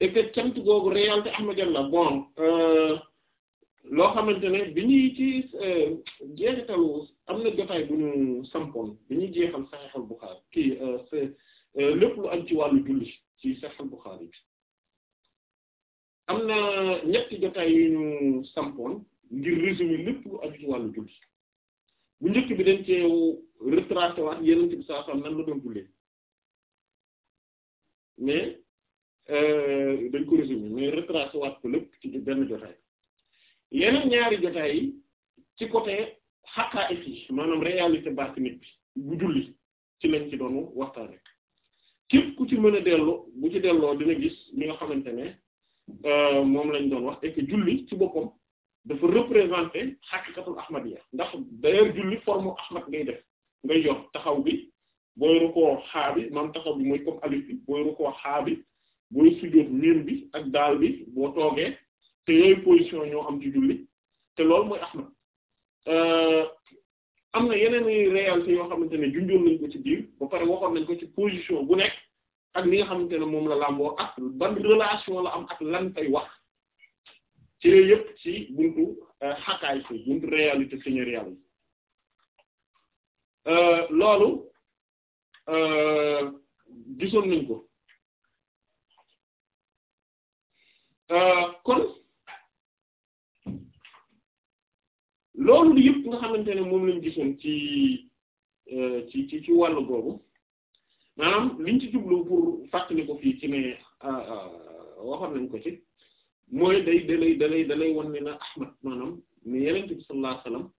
et que cant googu réalité ahmadiyya la bon euh, loo xamante ne bi ñuy ci jeexitalu am na jotaay bu ñu sampoon bi ñuy jeexal Sahih al-Bukhari kii lépp lu am ci wàllu julli ci Sahih al-Bukhari bi am na ñetti jotaay yu ñu sampoon ngir résumé lépp lu julli bu njëkk bi dañ cee retracé yeneen bi saa sam nan la doon jullee mais euh, dañ ko résumé mais retracé ko lépp ci benn jotaay yeneen ñaari jotaay yi ci côté xaqaa'iq yi maanaam réalité baax nit bi bu julli ci lañ ci doon waxtaan rek képp ku ci mën a delloo bu ci delloo dina gis li nga xamante ne Euh, moom lañ doon wax et que julli ci boppam dafa représenter xaqiqatul ahmadiyya ndax d'ailleurs julli forme ahmad ngay def ngay yor taxaw bi booy rukkoo xaa bi taxaw bi mooy comme alif bi booy rukkoo xaa bi booy sujjóot miim bi ak daal bi boo toogee te yooyu position ñoo am ci julli te loolu mooy ahmad euh, am na yeneen réalité yoo xamante ne junjoon nañ ko ci biir ba pare waxoon nañ ko ci position bu nekk ak li nga xamante ne moom la làmboo ak ban relation la am ak lan fay wax ci ci buntu euh, xakaay si buntu euh, loolu euh, gisoon nañ ko kon loolu yëpp nga xamante ne moom lañ gisoon ci ci ci ci googu maanaam liñ ci jublu pour fàttali ko fii ci ne ah, ah, waxoon nañ ko ci mooy day dalay dalay dalay wan ne na Ahmad maanaam ne yeneen bi wa sallam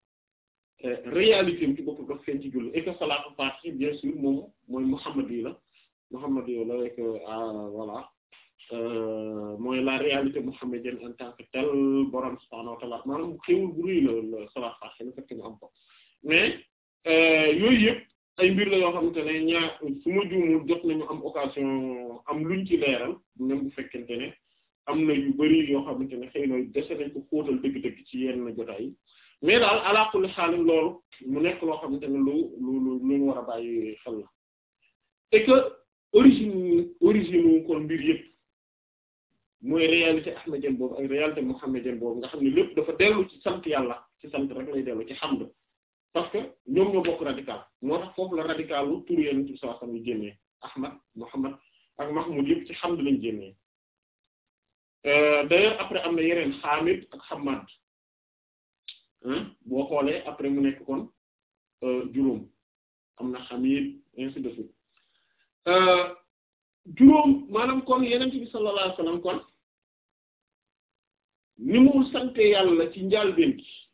eh, réalité bi ci boppam daf feeñ ci julli et que salaatu faatihi bien sûr moom mooy Muhammad yi la Muhammad yi la rek ah, voilà euh, mooy la réalité mohammadienne en tant que borom subhaanahu wa maanaam xéwul bu rëy la salaatu faatihi la fekk mu am ko mais euh, yooyu yëpp. ay mbir la yoo xamante ne ñaar su ma juumul jot nañu am occasion am luñ ci leeral même bu fekkente ne am na yu bari yoo xamante ne xëy na dese nañ ko xóotal dëgg-dëgg ci yenn jotaay yi mais daal ala kulli xaalis loolu mu nekk loo xamante ne lu lu lu luñ war a bàyyi xel la et que origine origine kon mbir yëpp mooy réalité ahmadienne boobu ak réalité muhammadienne boobu nga xam ne lépp dafa dellu ci sant yàlla ci sant rek lay dellu ci xamd parce que ñoom ñoo bokk radical moo tax foofu la radical lu tur yéen ci saa sam yu génnee Ahmad Muhammad ak Mahmoud yëpp ci Hamd lañ génnee euh, d'ailleurs après am na yeneen Hamid ak Hamad boo xoolee après mu nekk kon euh, juróom am na Hamid ainsi de suite euh, juróom maanaam kon yeneen bi sallallahu alayhi kon ni mu sante yàlla ci njàlbeen gi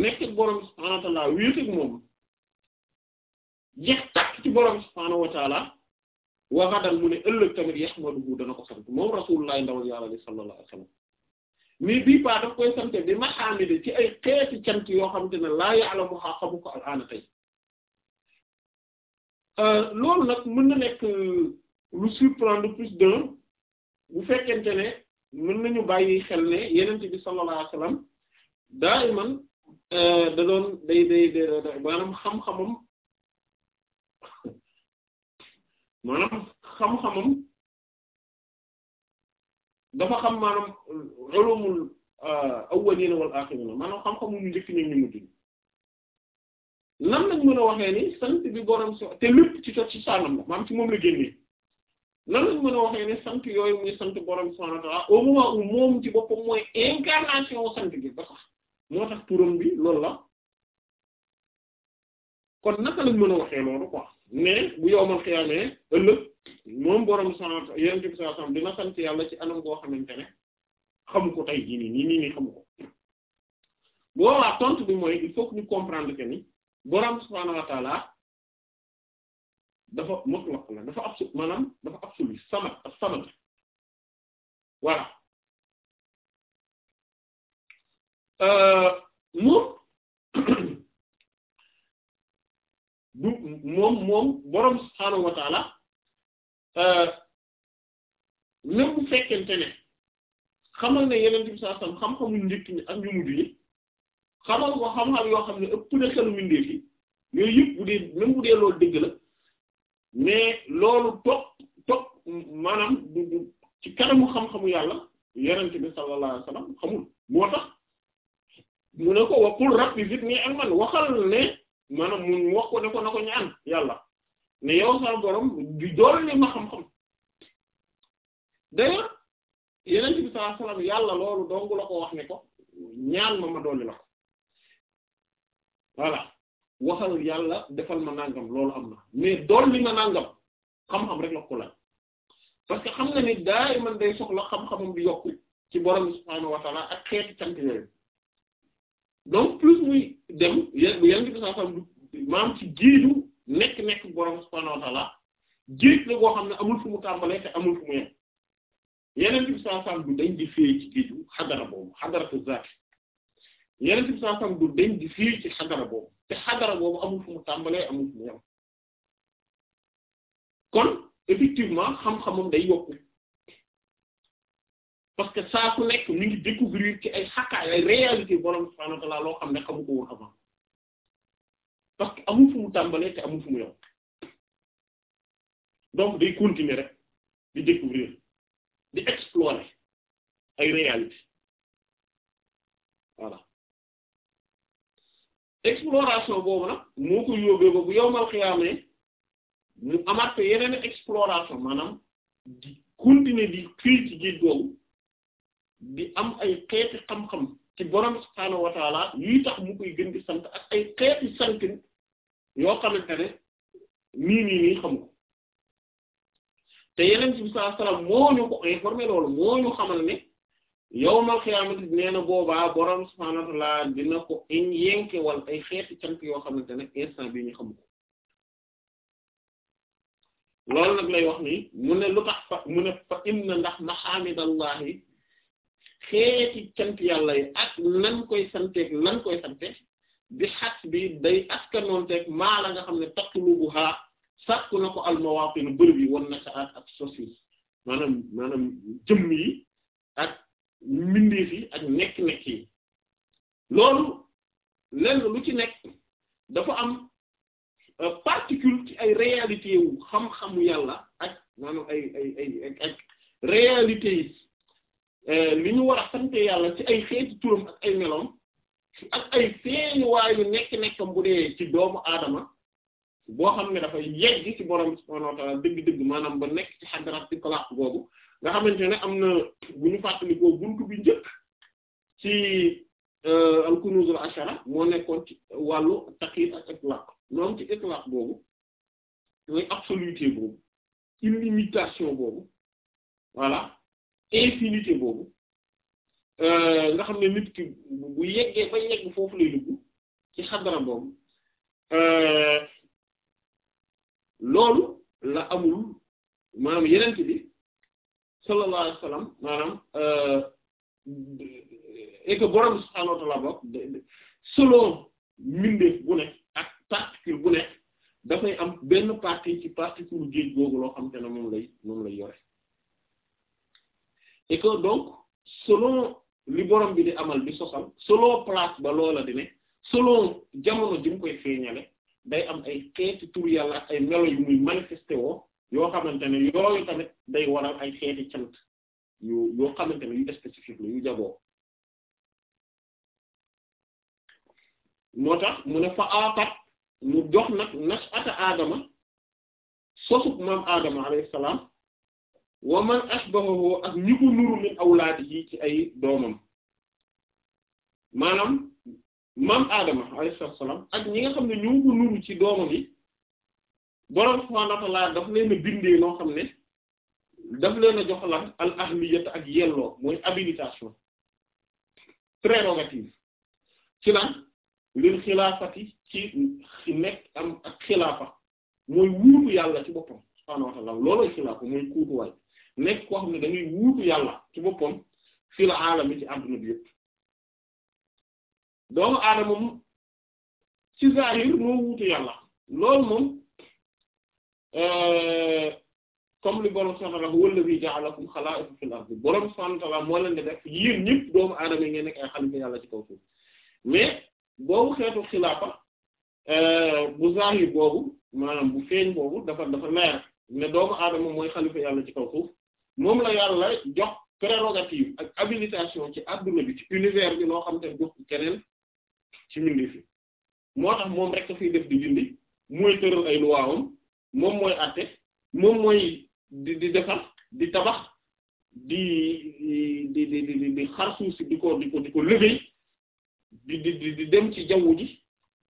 nekk ak borom bi subhaanahu wa moom jeex tàkk ci borom bi subhaanahu wa ta'aala wa ghadan mu ne ëllëg tamit yahmaduhu dana ko sant moom rasulullah ndawal yàlla li sallallahu alayhi wa bii paa koy sante bi maxaamide ci ay xeeti cant yoo xamante ne laa ya'lamuha xamu ko al'aana tey euh, loolu nag mën na nekk euh, lu surprendre plus d'un bu fekkente ne mën nañu bàyyi xel ne yenent bi sallallahu alayhi wa sallam daa Euh, da doon day day day maanaam xam-xamam maanaam xam-xamam dafa xam maanaam ulumul euh, awwalina wal axirina maanaam xam-xamu ñu njëkk ñu mujj nan lañ mën a waxee ni sant bi borom so te lépp ci tot ci saalam la maanaam ci moom la génnee nan lañ mën a waxee ni sant yooyu muy sant borom subhanahu wa ta'ala au moment moom ci boppam mooy incarnation sant bi ba sax moo tax turam bi loolu la kon naka lañ mën a waxee loolu quoi mais bu yowmal xiyaamee ëllëg moom borom sant yéen ci saa sant dina sant yàlla ci anam boo xamante ne xamu ko tey jii nii nii nii xamu ko boobaa tontu bi mooy il faut que ñu comprendre que ni borom subhaanahu wa taala dafa mutlaq la dafa absolu maanaam dafa absolu samad ak samad voilà Euh, moom du moom moom boroom subhaanahu wa taala euh, même ne xamal ne yeneen bi saa xam-xamuñ njëkk ak ñu mujj ñi xamal ko xam-xam yoo xam ne ëpp na xelu mbindeef yi yooyu yëpp bu dee même dee loolu dëgg la mais loolu toog toog maanaam ci kanamu xam-xamu yàlla yeneen bi sallallahu xamul moo tax mu ne ko wa qul rabbi zidni ilman waxal ne maanaam mu wax ko ne ko na ko ñaan yàlla ne yow sa borom di dolli ma xam-xam d'ailleurs yeneen bi sallallahu alayhi yàlla loolu dong la ko wax ne ko ñaan ma ma dolli la ko voilà waxal yàlla defal ma nangam loolu am na mais dolli ma nangam xam-xam rek la parce que xam nga nit daay man day soxla xam-xamam bi yokku ci borom subhaanahu wa ta'ala ak xeeti cant yooyu donc plus muy dem yan yan bi saa maam ci géeju nekk nekk borom subhaanahu wa ta'aala géej la boo xam ne amul fu mu tàmbalee te amul fu mu yeneen bi saa xam du dañ di fee ci géeju xadara boobu xadaratu te xadara boobu amul fu mu tàmbalee amul fu mu kon effectivement xam-xamam day yokku. parce que saa ku nekk mi ngi découvrir ci ay xàkkaay ay réalité borom subhaanahu wa ta'aala loo xam ne xamu ko woon avant parce que amul fu mu tàmbalee te amul fu mu yow donc day continuer rek di découvrir di explorer ay réalité voilà exploration boobu nag moo ko yóbbee ba bu yowmal xiyaamee mu amaat yeneen exploration maanaam di continuer di cuir ci géej googu bi am ay xeeti xam-xam ci borom subhaanahu wa taala tax mu koy gën di sant ak ay xeeti santin yoo xamante ne nii nii nii xam ko te yeneen bi sallallahu alayhi wasallam moo ñu ko xamal ne yawmal qiyaamati nee boobaa borom subhaanahu wa dina ko in yenkewal ay xeeti sant yoo xamante ne instant bi ñu xam loolu nag lay wax nii mu ne lu tax fa mu ne fa inna ndax maxaamidallahi xeeti cant yàlla yi ak nan koy santeeg nan koy sante bi xat bi day askanoonteeg maa la nga xam ne taxlubu xaa sàkku na ko almawaatinu bërëb yi wan ak sos yi maanaam maanaam jëmm yi ak mbindeef yi ak nekk-nekk yi loolu lenn lu ci nekk dafa am euh, particule ci ay réalité xam-xamu yàlla ak maanaam ay ay ay ay réalité yi Euh, li ñu war a sant yàlla ci ay xeeti turam ak ay meloom ak ay feeñ waayu nekk-nekkam bu dee ci doomu aadama boo xam ne dafay yegg ci borom subhaanahu wa ta'aala dëgg-dëgg maanaam ba nekk ci xadaraat ci kalaat boobu nga xamante ne am na bu ñu fàttalikoo buntu bi njëkk ci euh, al-Kunûz ashara moo nekkoon ci wàllu taqyid ak itlaq moom ci itlaq boobu mooy absoluté boobu illimitation boobu voilà infinité boobu euh, nga xam ne nit ki bu yeggee ba yegg foofu lay dugg ci xadara boobu euh, loolu la amul maanaam yenent bi sallallahu alayhi euh, bu nekk ak particule bu nekk dafay am benn partie ci particule géej googu loo xam te moom lay moom lay yore et donc selon li borom bi di amal di sosal selon place ba loola di ne jamono ji mu koy feeñale day am ay xeeti tur yàlla ak ay melo yu muy manifesté woo yoo xamante ne yooyu tamit day waral ay xeeti cant yu yoo xamante ne yu spécifique la yu jagoo moo tax mu ne fa aatat mu jox nag nas ata aadama sosub maam aadama alayhi salaam wa man ashbahahu ak ñi ko nuru min awlaadihi ci ay doomam maanaam maam aadama alayhi salaam ak ñi nga xam ne ñoo ko nuru ci doomam yi boroom subhaanahu wa ta'aala daf leen bindee noo xam ne daf leen a jox lan al ahliyata ak yelloo mooy habilitation prérogative ci lan lil xilaafati ci nekk am ak xilaafa mooy wuutu yàlla ci boppam subhaanahu wa ta'aala loolooy xilaafa mooy kuutuwaay nekk wax xam ne da wuutu yàlla ci boppam fii la aalami ci àdduna bi yëpp doomu aadama ci zahir moo wuutu yàlla loolu moom euh, comme li borom subhanahu wa ta'ala huwa alladhi ja'alakum xalaa'ifa fil ardi borom subhanahu yi ngeen nekk ay xalifa yàlla ci kaw suuf mais boobu xeetu xilaafa euh, bu zahir boobu maanaam bu feeñ boobu dafa dafa leer ne doomu aadama mooy xalifa yàlla ci kaw suuf moom la yàlla jox prérogative ak habilitation ci adduna bi ci univers bi loo xam te jox keneen ci mbindeef yi moo tax moom rek dafay def di bindi mooy tëral ay luwaawam moom mooy àtte moom mooy di di defar di tabax di di di di di xar suuf si di ko di ko di ko liggéey di di dem ci jaww ji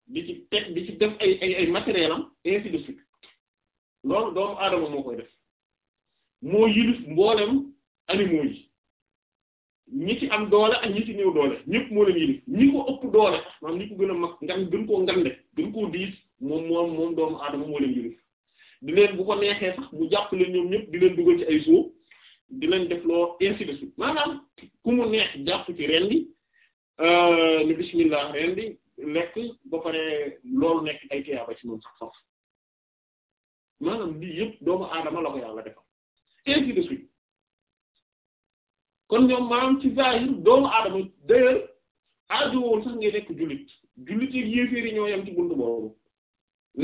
di ci teg di ci def ay ay matériel am ainsi loolu doomu aadama moo koy def moo yilif mboolem animaux yi ñi ci am doole ak ñi ci néew doole ñëpp moo leen yilif ñi ko ëpp doole sax maanaam ñi ko gën a mag nga gën koo ngande gën koo diis moom moom moom doomu aadama moo leen yilif di leen bu ko neexee sax mu jàpp leen ñoom ñëpp di leen dugal ci ay soo di leen def loo ainsi de suite maanaam ku mu neex jàpp ci euh, ci moom sax sax doomu aadama la ko yàlla defal ainsi de suite kon ñoom maanaam ci zahir doomu aadama d'ailleurs aajowul sax ngay nekk jullit jullit yi yéeféer ñoo yem ci buntu boobu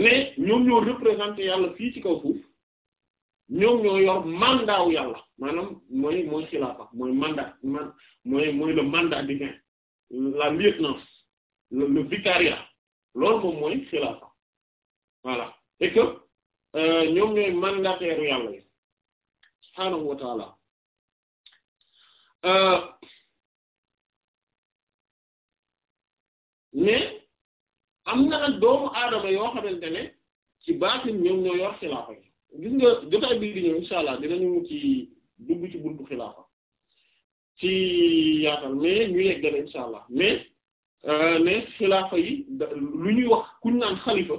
mais ñoom ñoo représenté yàlla fii ci kaw suuf ñoom ñoo yor mandat wu yàlla maanaam mooy mooy xilaafa mooy mandat man mooy mooy le mandat divin la lieutenance le, le loolu moom mooy xilaafa voilà et euh, ñoom ñooy mandataire yàlla yi subhaanahu wa euh, mais am na nag doomu aadama yoo xamante ne ci baatin ñoom ñoo yor xilaafa yi gis nga jotaay bii di ñëw insha dinañu ci dugg ci buntu xilaafa ci yaatal mais ñu yeggale insha allah mais euh, ne xilaafa yi lu ñuy wax kuñ naan xalifa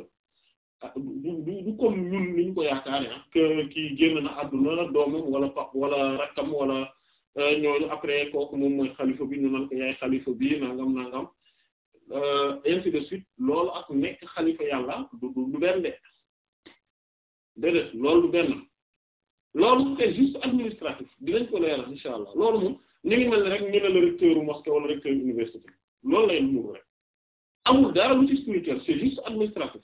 du du comme ñun ni ñu ko yaakaare ah que kii génn na adduna doomam wala pap wala rakkam wala euh, ñooñu après kooku moom mooy xalifa bi ñu nan ko yaay xalifa bi nangam nangam euh, ainsi de suite loolu ak nekk xalifa yàlla du du benn de déedéet loolu du benn loolu c'est juste administratif dinañ ko leeral incha allah loolu moom ñu ngi mel ne rek ñu la recteur mosquée wala recteur université loolu lay muur rek amul dara lu ci spirituel c'est juste administratif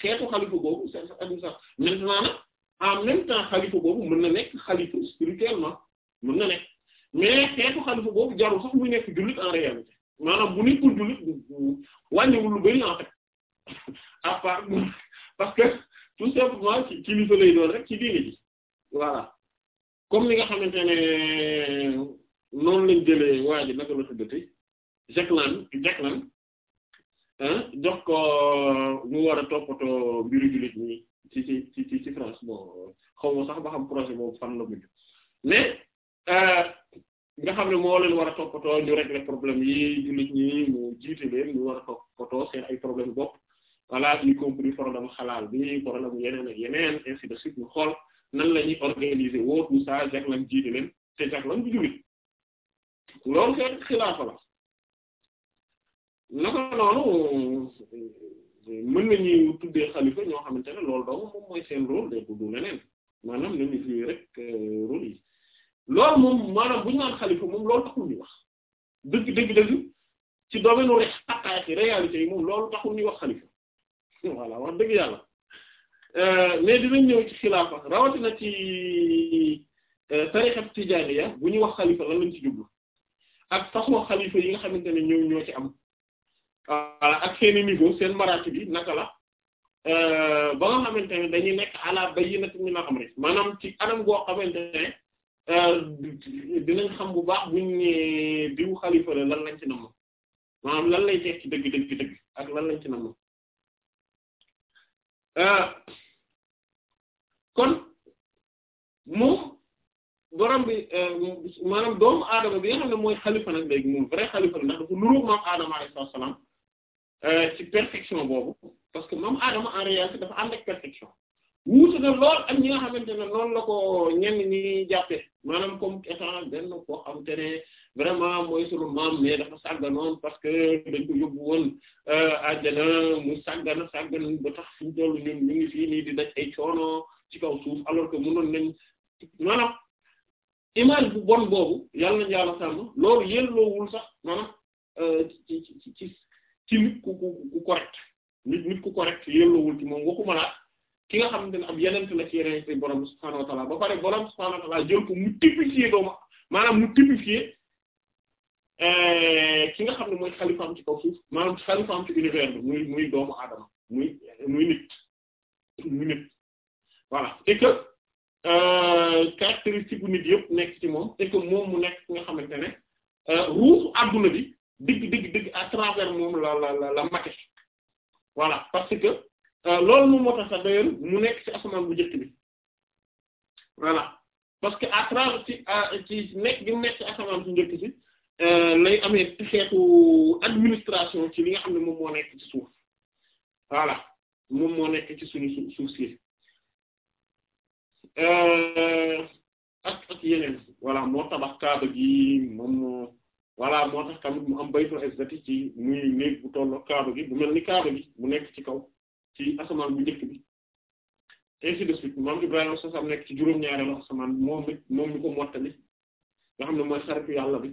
xeetu xalifa boobu c'est ça maintenant nag en même temps xalifa boobu mën na nekk xalifa spirituellement mën na nekk mais xeetu xalifa boobu jarul sax muy nekk jullit en maanaam bu nekkul jullit wàññiwul lu bari en fait parce que tout simplement ci kilifa lay doon rek ci diine ji voilà comme ni nga xamante ne euh, noonu lañ jële waa ji naka la tuddati Jacqueline jox ko mu war a toppatoo mbiru jullit ñi ci ci ci ci bo bon xaw ma sax bo xam projet moom fan la mujj mais euh, nga xam ne moo leen war a toppatoo ñu régler problème yi jullit ñi mu jiite leen ñu war a toppatoo ay problème bopp voilà di compris problème xalaal bi problème yeneen ak yeneen ainsi de suite ñu xool nan la ñuy organiser woo tout ça Jacques Lang jiite leen te Jacques Lang bu jullit loolu seen naka noonu mën nañu tuddee xalifa ñoo xamante ne loolu dong moom mooy seen rôle day tudd leneen maanaam nañu fi rek euh, rôle yi loolu moom maanaam bu ñu naan xalifa moom loolu taxul ñuy wax dëgg dëgg dëgg ci domaine rek xaqaaxi réalité yi moom loolu taxul ñuy wax xalifa voilà dëgg yàlla euh, mais dinañ ñëw ci xilaafa rawatina ci euh, tarixa ya bu ñuy wax xalifa lan lañ ci jublu ak façon xalifa yi nga xamante ne ñoo ñoo ci am voilà ak seeni niveau seen maraati bi naka la euh, ba nga xamante ne dañuy nekk ala bayyinati min al-amri maanaam ci anam goo xamante euh, dinañ xam bu baax buñ ne diw xalifa la lan ci namm maanaam lan lay tekki dëgg dëgg dëgg ak lan lañ ci namm euh, bi maanaam doomu aadama bi nga xam ne mooy xalifa nag léegi moom vrai xalifa la ndax dafa nuróog maam aadama alayhi salaam Euh, ci perfection boobu parce que moom Adama en réalité dafa ànd ak perfection wuute na lool ak ñi nga xamante ne noonu la ko ñenn ñi jàppe maanaam comme étant benn koo xam te vraiment mooy sunu maam mais dafa sàgganoon parce que dañ ko yóbbu woon euh, àjjana mu sàggana sàggan ba tax suñu toll ñun ñu ngi fii nii di daj ay coono ci kaw suuf alors que mënoon nañ maanaam image bu bon boobu yàlla nañ yàlla sàmm loolu yelloowul sax maanaam euh, ci nit ku ku correct nit ku correct yelloowul ci moom waxuma laa ki nga xamante ne ab yenent la ci yeneen ci borom subhaanahu wa ba pare borom subhaanahu wa ta'ala jël ko mu typifier doomu maanaam mu typifier eh, ki nga xam ne mooy xalifaam ci kaw suuf maanaam xalifaam ci univers muy muy doomu aadama muy muy nit muy nit voilà et que euh, bu nit yëpp nekk ci moom et moom mu nekk ki nga xamante ne euh, ruuxu adduna bi digg digg digg à travers moom la la la mate voilà parce que euh, loolu moom moo tax sax mu nekk ci asamaan bu njëkk bi voilà parce que à travers ci nekk gi mu nekk ci asamaan bu njëkk si euh, lay amee xeetu administration ci li nga xam ne moom moo nekk ci suuf voilà moom suñu euh, ak ak yeneen voilà moo tabax kaaba gi moom voilà moo tax tamit bay am baytul izzati ci muy néeg bu tollo kaaba gi bu mel ni kaaba gi bu nekk ci kaw ci asamaan bu njëkk bi ainsi nekk ci juróom-ñaareelu asamaan moom mi moom na ko mottali nga xam ne mooy xaritu yàlla bi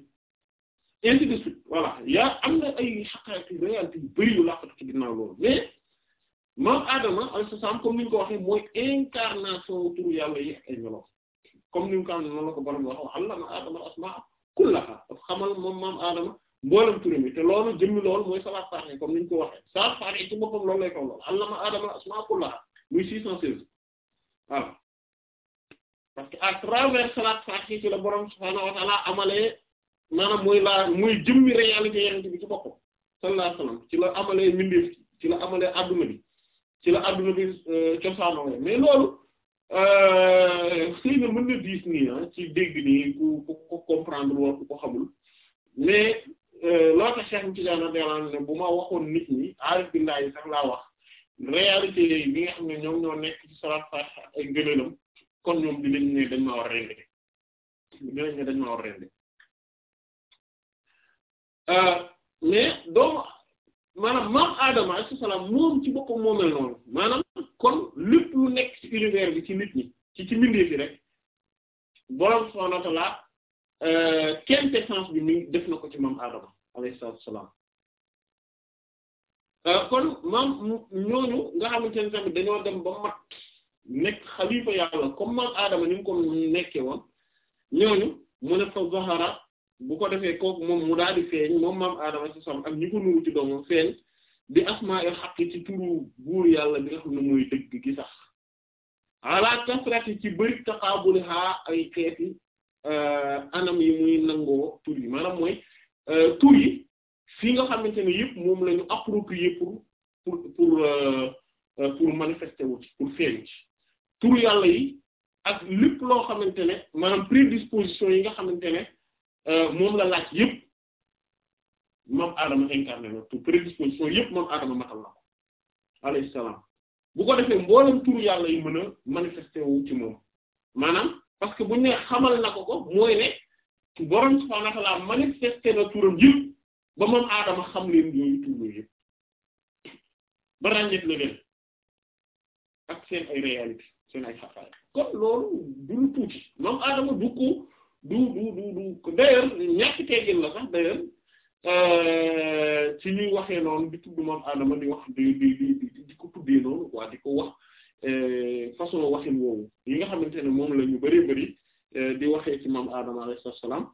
ainsi de suite voilà yaa am na ay xaqaati yu bari yu làqatu ci ginnaaw loolu mais maam Adama alayhi salaam comme ni ko waxee mooy incarnation turu yàlla yi ay melo comme ni ko am ne noonu la ko borom wax allama Adama al asmaa kullaha xamal moom maam aadama mboolem turam yi te loolu jëmmi loolu mooy salaat faare comme ni ñu ko waxee salaat faare ci boppam loolu lay tolloon allama aadama asmaa kullaha muy 616 voilà parce que à travers salaat faare ci la borom subhaanahu wa ta'aala amalee mooy laa mooy jëmmi réalité yeneen bi ci boppam sallallahu alayhi wa sallam ci la amalee mbindeef ci la amalee adduna bi ci la adduna bi euh, cosaanoo mais loolu. Euh, xëy na mën na diis nii ah ci dégg nii ku ku comprendre wala ku ko xamul mais euh, loo tax Cheikh Tidiane radiyallahu anhu bu ma waxoon nit ñi aarif billah yi sax laa wax réalité yi bi nga xam ne ñoom ñoo nekk ci salat fa ay ngëneelam kon ñoom dinañ ne dañ maa war ne dañ maa war a rendi euh, mais doomu maanaam maam Adama alayhi salaam moom ci boppam moo mel noonu maanaam kon lépp lu nekk ci univers bi ci nit ñi ci ci mbindeef yi rek boroom subhaanahu wa ta'aala quintessence euh, bi ni def na ko ci maam Adama alayhi salaam euh, kon maam ñooñu nga xamante ne tamit dañoo dem ba mat nekk xalifa yàlla comme maam Adama ni mu ko nekkee woon ñooñu mu ne fa zahara bu ko defee kooku moom mu daal di feeñ moom maam Adama ci sam ak ñi ko nuru ci doomam feeñ di xaq haqq ci turu buur yàlla bi nga xam ne muy dëgg gi sax ala kasrati ci bëri taqaabul haa ay xeeti euh, anam yi muy nangoo tur yi maanaam mooy euh, tur yi fi nga xamante ne yëpp moom lañu ñu approprier pour pour pour euh, pour manifester wu pour feeñ ci tur yàlla yi ak lépp loo xamante ne maanaam prédisposition yi nga xamante ne. Euh, moom la laaj yëpp moom Adama incarné na tout prédisposition yëpp moom Adama matal na ko alayhi salaam bu ko defee mboolem turu yàlla yu mën a manifesté wu ci moom maanaam parce que bu ñu nee xamal na ko ko mooy ne borom subhaanahu wa ta'aala manifesté na turam yëpp ba moom Adama xam leen yooyu tur yëpp ba ràññeet na ak seen ay réalité seen ay xafaay kon loolu du lu tuuti moom Adama du ko. du du du du d'ailleurs ñàkk teggin la sax d'ailleurs euh, ci ñuy waxee noonu di tudd moom Adama di wax di di di di ko tuddee noonu quoi di ko wax euh, façon waxin woowu yi nga xamante ne moom la ñu bari bari euh, di waxee ci maam Adama alayhi salaam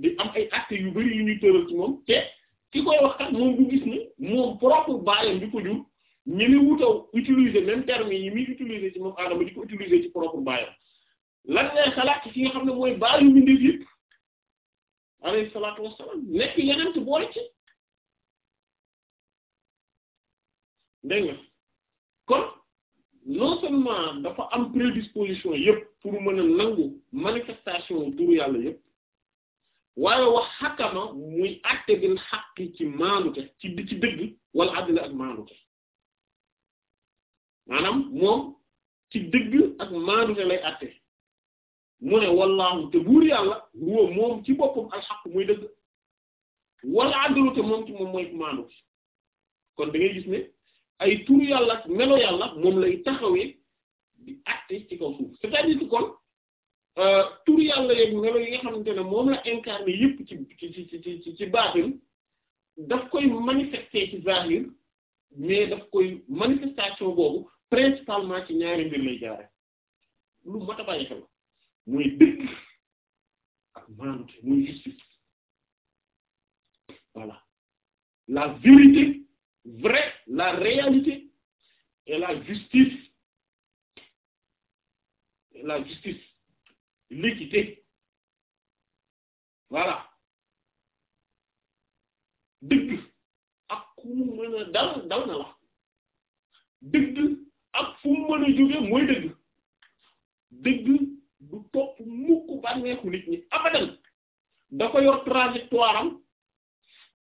di am ay actes yu bari yu ñuy tëral ci moom te ki koy wax kat moom bu gis ni moom propre baayam di ko jur ñu ngi wutaw utiliser même terme yi muy utiliser ci moom Adama di ko utiliser ci propre baayam lan ngay xalaat ci nga xam ne mooy baayu mbindeef yëpp alayhi salaatu wassalaam nekk yeneen ci boole ci dégg nga kon non seulement dafa am prédisposition yëpp pour mën a nangu manifestation turu yàlla yëpp waaye wax xakama muy àtte bin xàq ci maanute ci di ci dëgg wala àddina ak maanute maanaam moom ci dëgg ak maanute lay àtte mu ne wallaahu te buur yàlla huwa moom ci boppam alxaq muy dëgg wala adlu te moom ci moom mooy maandu kon dangay gis ne ay tur yàlla ak melo yàlla moom lay taxawee di acte ci kaw suuf c'est-à-dire kon euh, tur yàlla yeeg melo yi nga xamante ne moom la incarné yépp ci ci ci ci ci baatin daf koy manifester ci zahir mais daf koy manifestation boobu principalement ci ñaari mbir lay jaare lu mat xel muy dëgg ak maanute muy justice voilà la vérité vraie la réalité et la justice la justice l'équité voilà dëgg ak ku mu mën a la dëgg ak fu mu mën a jóge mooy du topp mukk bànneexu nit ñi abadan da ko yor trajectoire am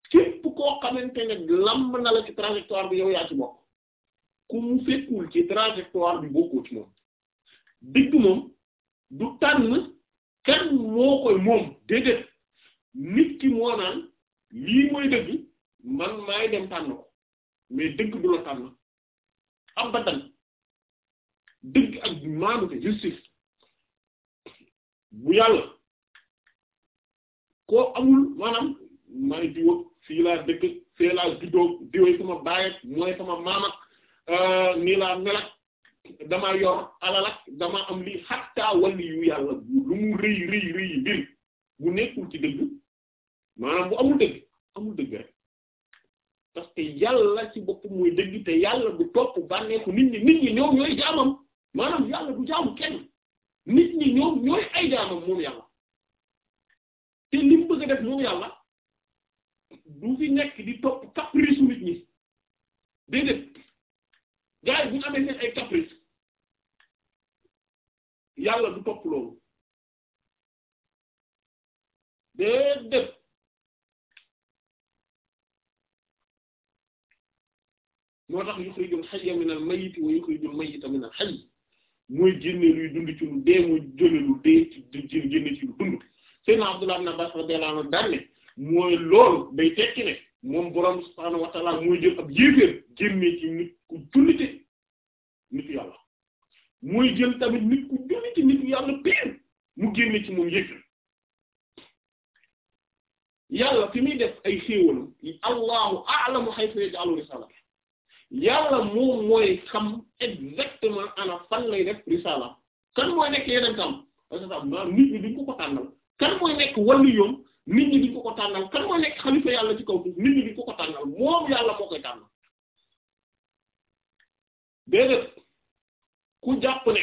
képp koo xamante ne lamb na la ci trajectoire bi yow yaa ci bokk ku mu fekkul ci trajectoire bi bokkoo ci moom digg moom du tànn kenn moo koy moom déedéet nit ki moo naan lii mooy dëgg man maay dem tànn ko mais dëgg du la tànn abadan dëgg ak maanute justice bu yàlla koo amul maanaam maa ngi fii laa dëkk fee laa juddoo diwee sama baay mooy sama maam ak euh, nii laa mel ak dama yor alal dama am lii xattaa wali yu yàlla lu mu rëy rëy rëy mbir bu nekkul ci dëgg maanaam bu amul dëgg amul dëgg rek parce yàlla ci bopp mooy dëgg te yàlla du topp bànneeku nit ñi nit ñi ñoom ñooy jaamam maanaam yàlla du jaamu kenn nit ñi ñoom ñooy ay jaamam moom yàlla te li bëgg a def moom yàlla du fi nekk di topp caprice nit ñi déedéet gars yi bu amee seen ay caprice yàlla du topp loolu déedéet moo tax yuxrijul hayya minal mayyiti wa yuxrijul mayyita minal hayy muy génne luy dund ci lu dee muy jële lu dee ci génne ci lu dund mooy loolu day tekki ne moom jël ab yéeféer génne ci nit ku jullite nitu yàlla mooy jël tamit nit ku jullite nitu yàlla biir mu génne ci moom yéeféer yàlla fi muy def ay xéewalam allahu yàlla moom mooy xam exactement ana fan lay def risaala kan mooy nekk yenentam am nit ñi duñ ko ko tànnal kan mooy nekk wàllu yoom nit ñi duñ ko ko tànnal kan mooy nekk xalifa yàlla ci kaw suuf nit ñi duñ ko ko tànnal moom yàlla moo koy tànnal déedéet ku jàpp ne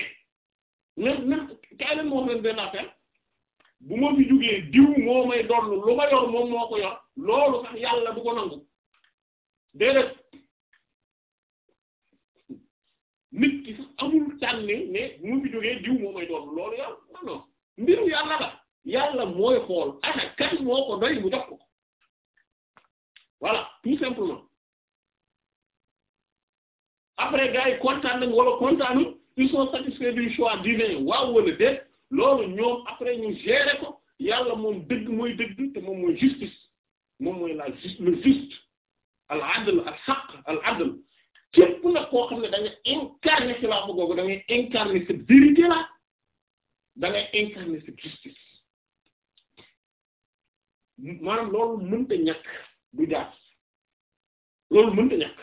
même même kay leen moo xam leen benn affaire bu ma fi jógee diw moo may doon lu ma yor moom moo ko yor loolu sax yàlla du ko nangu déedéet nit ki sax amul tànne ne mu fi jógee diw moo may doon loolu yow non mbiru yàlla la yàlla mooy xool ana kan moo ko doy mu jox ko voilà tout simplement après gars yi kontaan nañ wala kontaanu ils sont du choix divin waaw wala déet loolu ñoom après ñu gérer ko yàlla moom dëgg mooy dëgg te moom mooy justice moom mooy la juste le juste al adl al haqq al adl képp nag koo xam ne da nga incarner xilaafa googu da ngay incarner cette vérité là da ngay incarner loolu mënta ñàkk du jaar loolu mënta ñàkk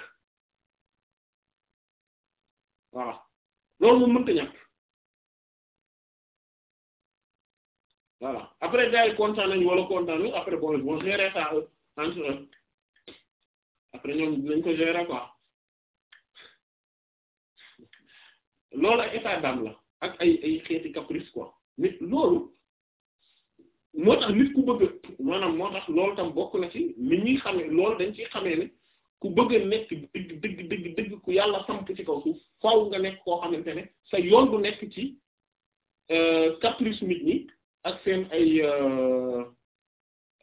voilà loolu mënta ñàkk voilà après gars yi kontaan wala kontaan après bon bon gérer euh, après ñoom dinañ ko gérer quoi. loolu ak état d'âme la ak ay ay xeeti caprice quoi nit loolu moo tax nit ku bëgg maanaam moo tax loolu tam bokk na ci li ñuy xamee loolu dañ ciy xamee ne ku bëgg a nekk dëgg dëgg dëgg dëgg ku yàlla samp ci kaw suuf faaw nga nekk koo xamante ne sa yoon bu nekk ci euh, caprice nit ñi ak seen ay euh,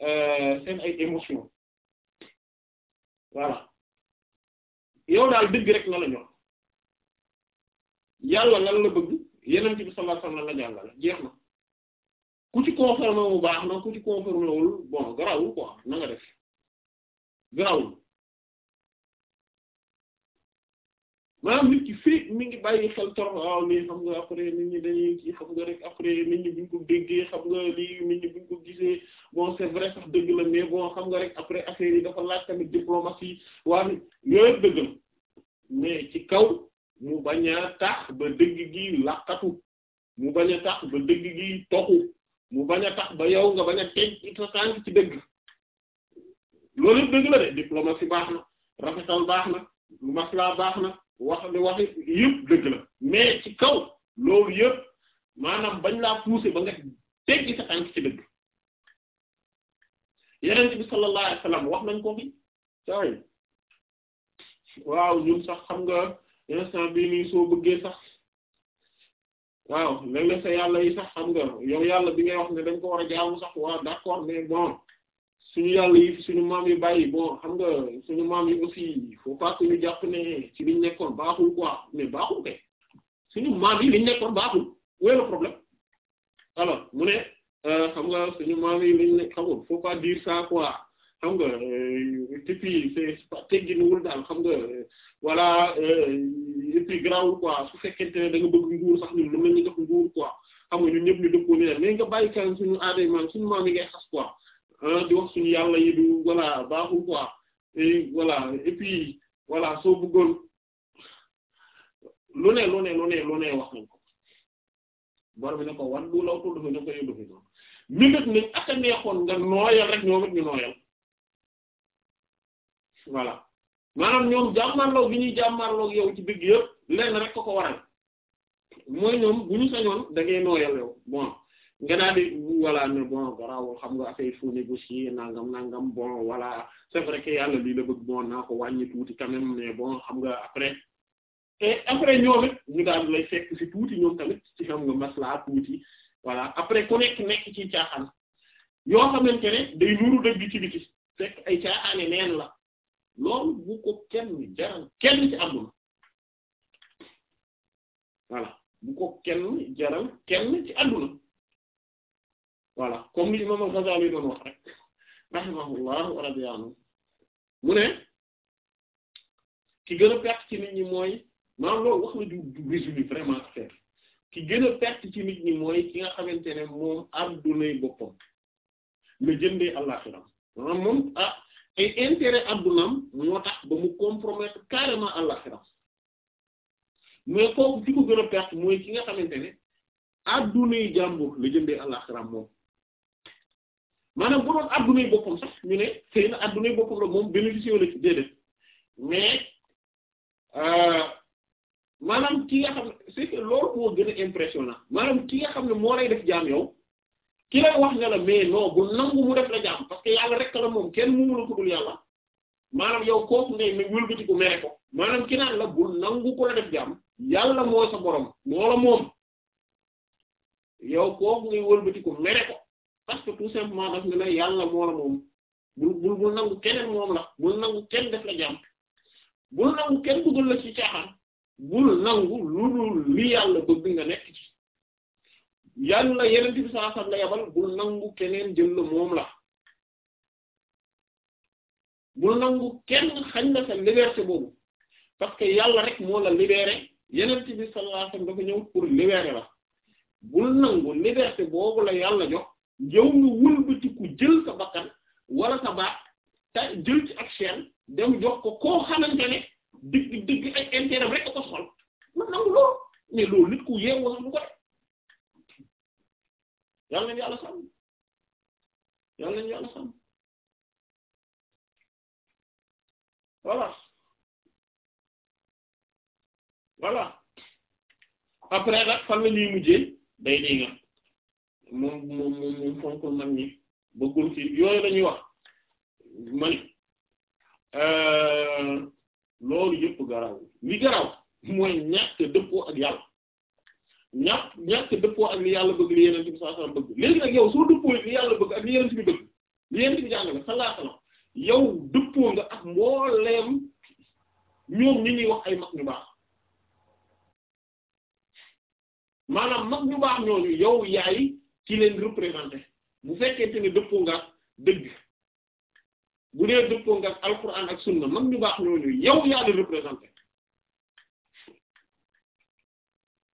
euh, seen ay émotion voilà yow daal dëgg rek na la yàlla lan la bëgg yeneen ci bi sallallahu alayhi wasallam la jeex na ku ci confirmé wu baax na ku ci confirmé wul bon garawul quoi na nga def garawul maanaam nit ki fii mi ngi bàyyi xel trop waaw mais xam nga après nit ñi dañuy ci xam nga rek après nit ñi buñ ko déggee xam nga lii nit ñi buñ ko gisee bon c'est vrai sax dëgg la mais bon xam nga rek après affaire yi dafa laaj tamit diplomatie waa yooyu dëgg la mais ci kaw mu bañ a tax ba dëgg gi laqatu mu bañ a tax ba dëgg gi toxu mu bañ a tax ba yow nga bañ a teg sa tànk ci dëgg loolu yëpp dëgg la de diplomatie baax na rafetal baax na maslaa baax na wax li wax yëpp dëgg la mais ci kaw loolu yëpp maanaam bañ laa pousser ba nga teg sa tànk ci dëgg yeneen bi sallallahu wax nañ ko fi waaw ñun sax xam nga. instant bii nii soo bëggee sax waaw léeg-léeg sa yàlla yi sax xam nga yow yàlla bi ngay wax ne dañ ko war a jaamu sax waaw d'accord mais bon suñu yàlla yi suñu maam yi bàyyi bon xam nga suñu maam yi aussi il faut pas que ñu jàpp ne ci liñ nekkoon baaxul quoi mais baaxul kay suñu maam yi liñ nekkoon baaxul où est problème alors mu ne euh, xam nga suñu maam yi liñ nekk xamul faut pas dire ça quoi xam nga te puis c'est tegginuwul daal xam nga voilà et puis grawul quoi su fekkente ne da bëgg nguur sax ñun lu mel ni jox nguur quoi xam nga ñun ñëpp ñu dëppoo ni leen mais nga bàyyi kan suñu aaday maam suñu maam yi ngay xas quoi di wax suñu yàlla yi du voilà baaxul quoi et voilà et soo bëggoon lu ne lu ne lu ne lu ne wax nañ ko borom bi ne ko wan du law tudd fi ne ko yóbbu fi noonu mi ngat nañ aka neexoon nga nooyal rek ñoom it ñu nooyal voilà maanaam ñoom jàmmarloo gi ñuy jàmmarloo yow ci dëgg yëpp lenn rek ko ko waral mooy ñoom bu ñu sañoon da ngay nooyal yow bon nga daal di voilà ne bon garaawul xam nga affaire faut négocier nangam nangam bon voilà c'est vrai que yàlla lii la bëgg bon naa ko wàññi tuuti quand même bon xam nga après et après ñoom it ñu daal lay fekk ci tuuti ñoom tamit ci xam nga maslaa tuuti voilà après ku nekk nekk ci caaxaan yoo xamante ne day nuru dëgg ci biti fekk ay caaxaane loolu bu ko kenn jaral kenn ci àdduna voilà bu ko kenn jaral kenn ci àdduna voilà comme li imam al-Ghazali doon wax rek rahimahullah wa mu ne ki gën a ci nit ñi mooy maanaam loolu wax la du résumé vraiment affaire ki gën a ci nit ñi mooy ki nga xamante ne moom àddunay boppam la jëndee àllaxiram maanaam moom ah ay intérêt addunaam ñoo tax ba mu compromettre carrément àllaxira mais kooku ki ko gën a perte mooy ki nga xamante ne addunay jàmbur la jëndee àllaxira moom maanaam bu doon addunay boppam sax ñu ne xëy na addunay boppam la moom bénéficié la ci déedéet mais euh, maanaam ki nga xam c'est que loolu moo gën a impressionnant maanaam ki nga xam ne moo lay def jaam yow ki lay wax ne la mais non bu nangu mu def la jàmm parce que yàlla rek la moom kenn mu la ko dul yàlla maanaam yow kooku ngay wëlbati mere ko maanaam ki naan la bu nangu ko la def jàmm yàlla moo la moom yow parce que tout simplement yàlla moo la moom bul nangu keneen moom la bul nangu kenn def la jàmm bul nangu kenn bëggal la ci caaxaan bul nangu lu dul li yàlla bëgg nga nekk yàlla yeneen bi sallallahu alayhi yabal bul nangu keneen jël la moom la bul nangu kenn xañ la sa liberté boobu parce que yàlla rek moo la libéré yeneen bi sallallahu alayhi wasallam dafa ñëw pour libérer la bul nangu liberté boobu la yàlla jox yow nga wëlbatiku jël sa bakkan wala sa baat jël ci ak chaîne dem jox ko koo xamante ne dëgg dëgg ay intérêt rek a ko sol man nangu loolu mais loolu nit ku yeewu sax du ko def yàlla nañu yàlla sàmm yàlla nañu yàlla sàmm voilà voilà après nag fan la ñuy mujjee day dégg nga moom moom moom moom yooyu la ñuy wax ma ni euh, loolu yëpp garaw li garaw mooy ñàkk dëppoo ak yàlla ñàkk ñàkk dëppoo ak li yàlla bëgg li yeneen bi sallallahu alayhi wasallam léegi nag yow soo dëppoo li yàlla bëgg ak li yeneen bi bëgg li yeneen bi jàngale sallallahu alayhi wasallam yow dëppoo nga ak mbooleem ñoom ñi ñuy wax ay mag ñu baax maanaam mag ñu baax ñooñu yow yaay ci leen bu fekkente ne nga dëgg bu dee dëppoo nga ak alquran ak sunna ñu baax ñooñu yow yaa leen représenté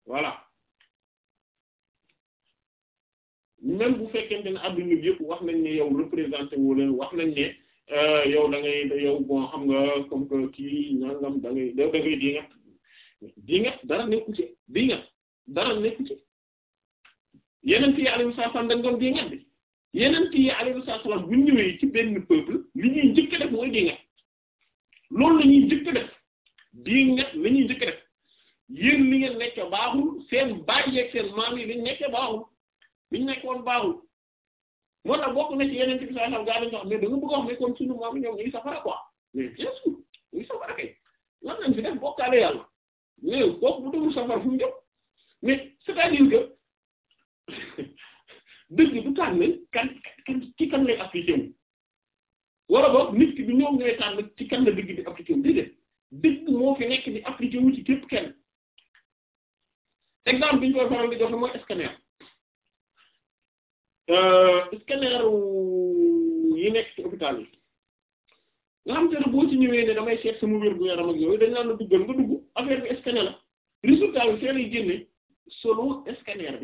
voilà même bu fekkente ne adduna bi yëpp wax nañ ne yow représenté wu leen wax nañ ne euh, yow da ngay yow bon xam nga comme que kii nangam da da ngay di ngat di ngat dara nekku ci di ngat dara nekku ci yeneen yi alayhi salaam dañ doon di ngat bi yeneen yi alayhi salaam bu ñëwee ci benn peuple li ñuy njëkk def mooy di ngat loolu la ñuy def di ngat la ñuy def yéen li ngeen nekk baaxul seen bàyyi ak seen maam yi li ñu baaxul biñ nekkoon baaxul moo tax bokk na ci yeneen ci gaa dañu wax mais da nga bëgg a wax ne kon sunu maam ñoom ñuy safara quoi mais bien sûr bu déglu safara kan kan ci kan lay appliqué wu. wala boog nit ki bi ñoom ñooy tànn ci kan la dëgg di appliqué wu déedéet dëgg moo fi nekk di appliqué wu ci képp kenn exemple bi koy faral di joxe mooy scanner. Euh, scanner yi nekk ci hôpital yi nga xam te ne boo ci ñëwee ne damay seet sama wér gu yaram ak yooyu dañ naan la duggal nga dugg affaire bi scanner la résultat bi seen scanner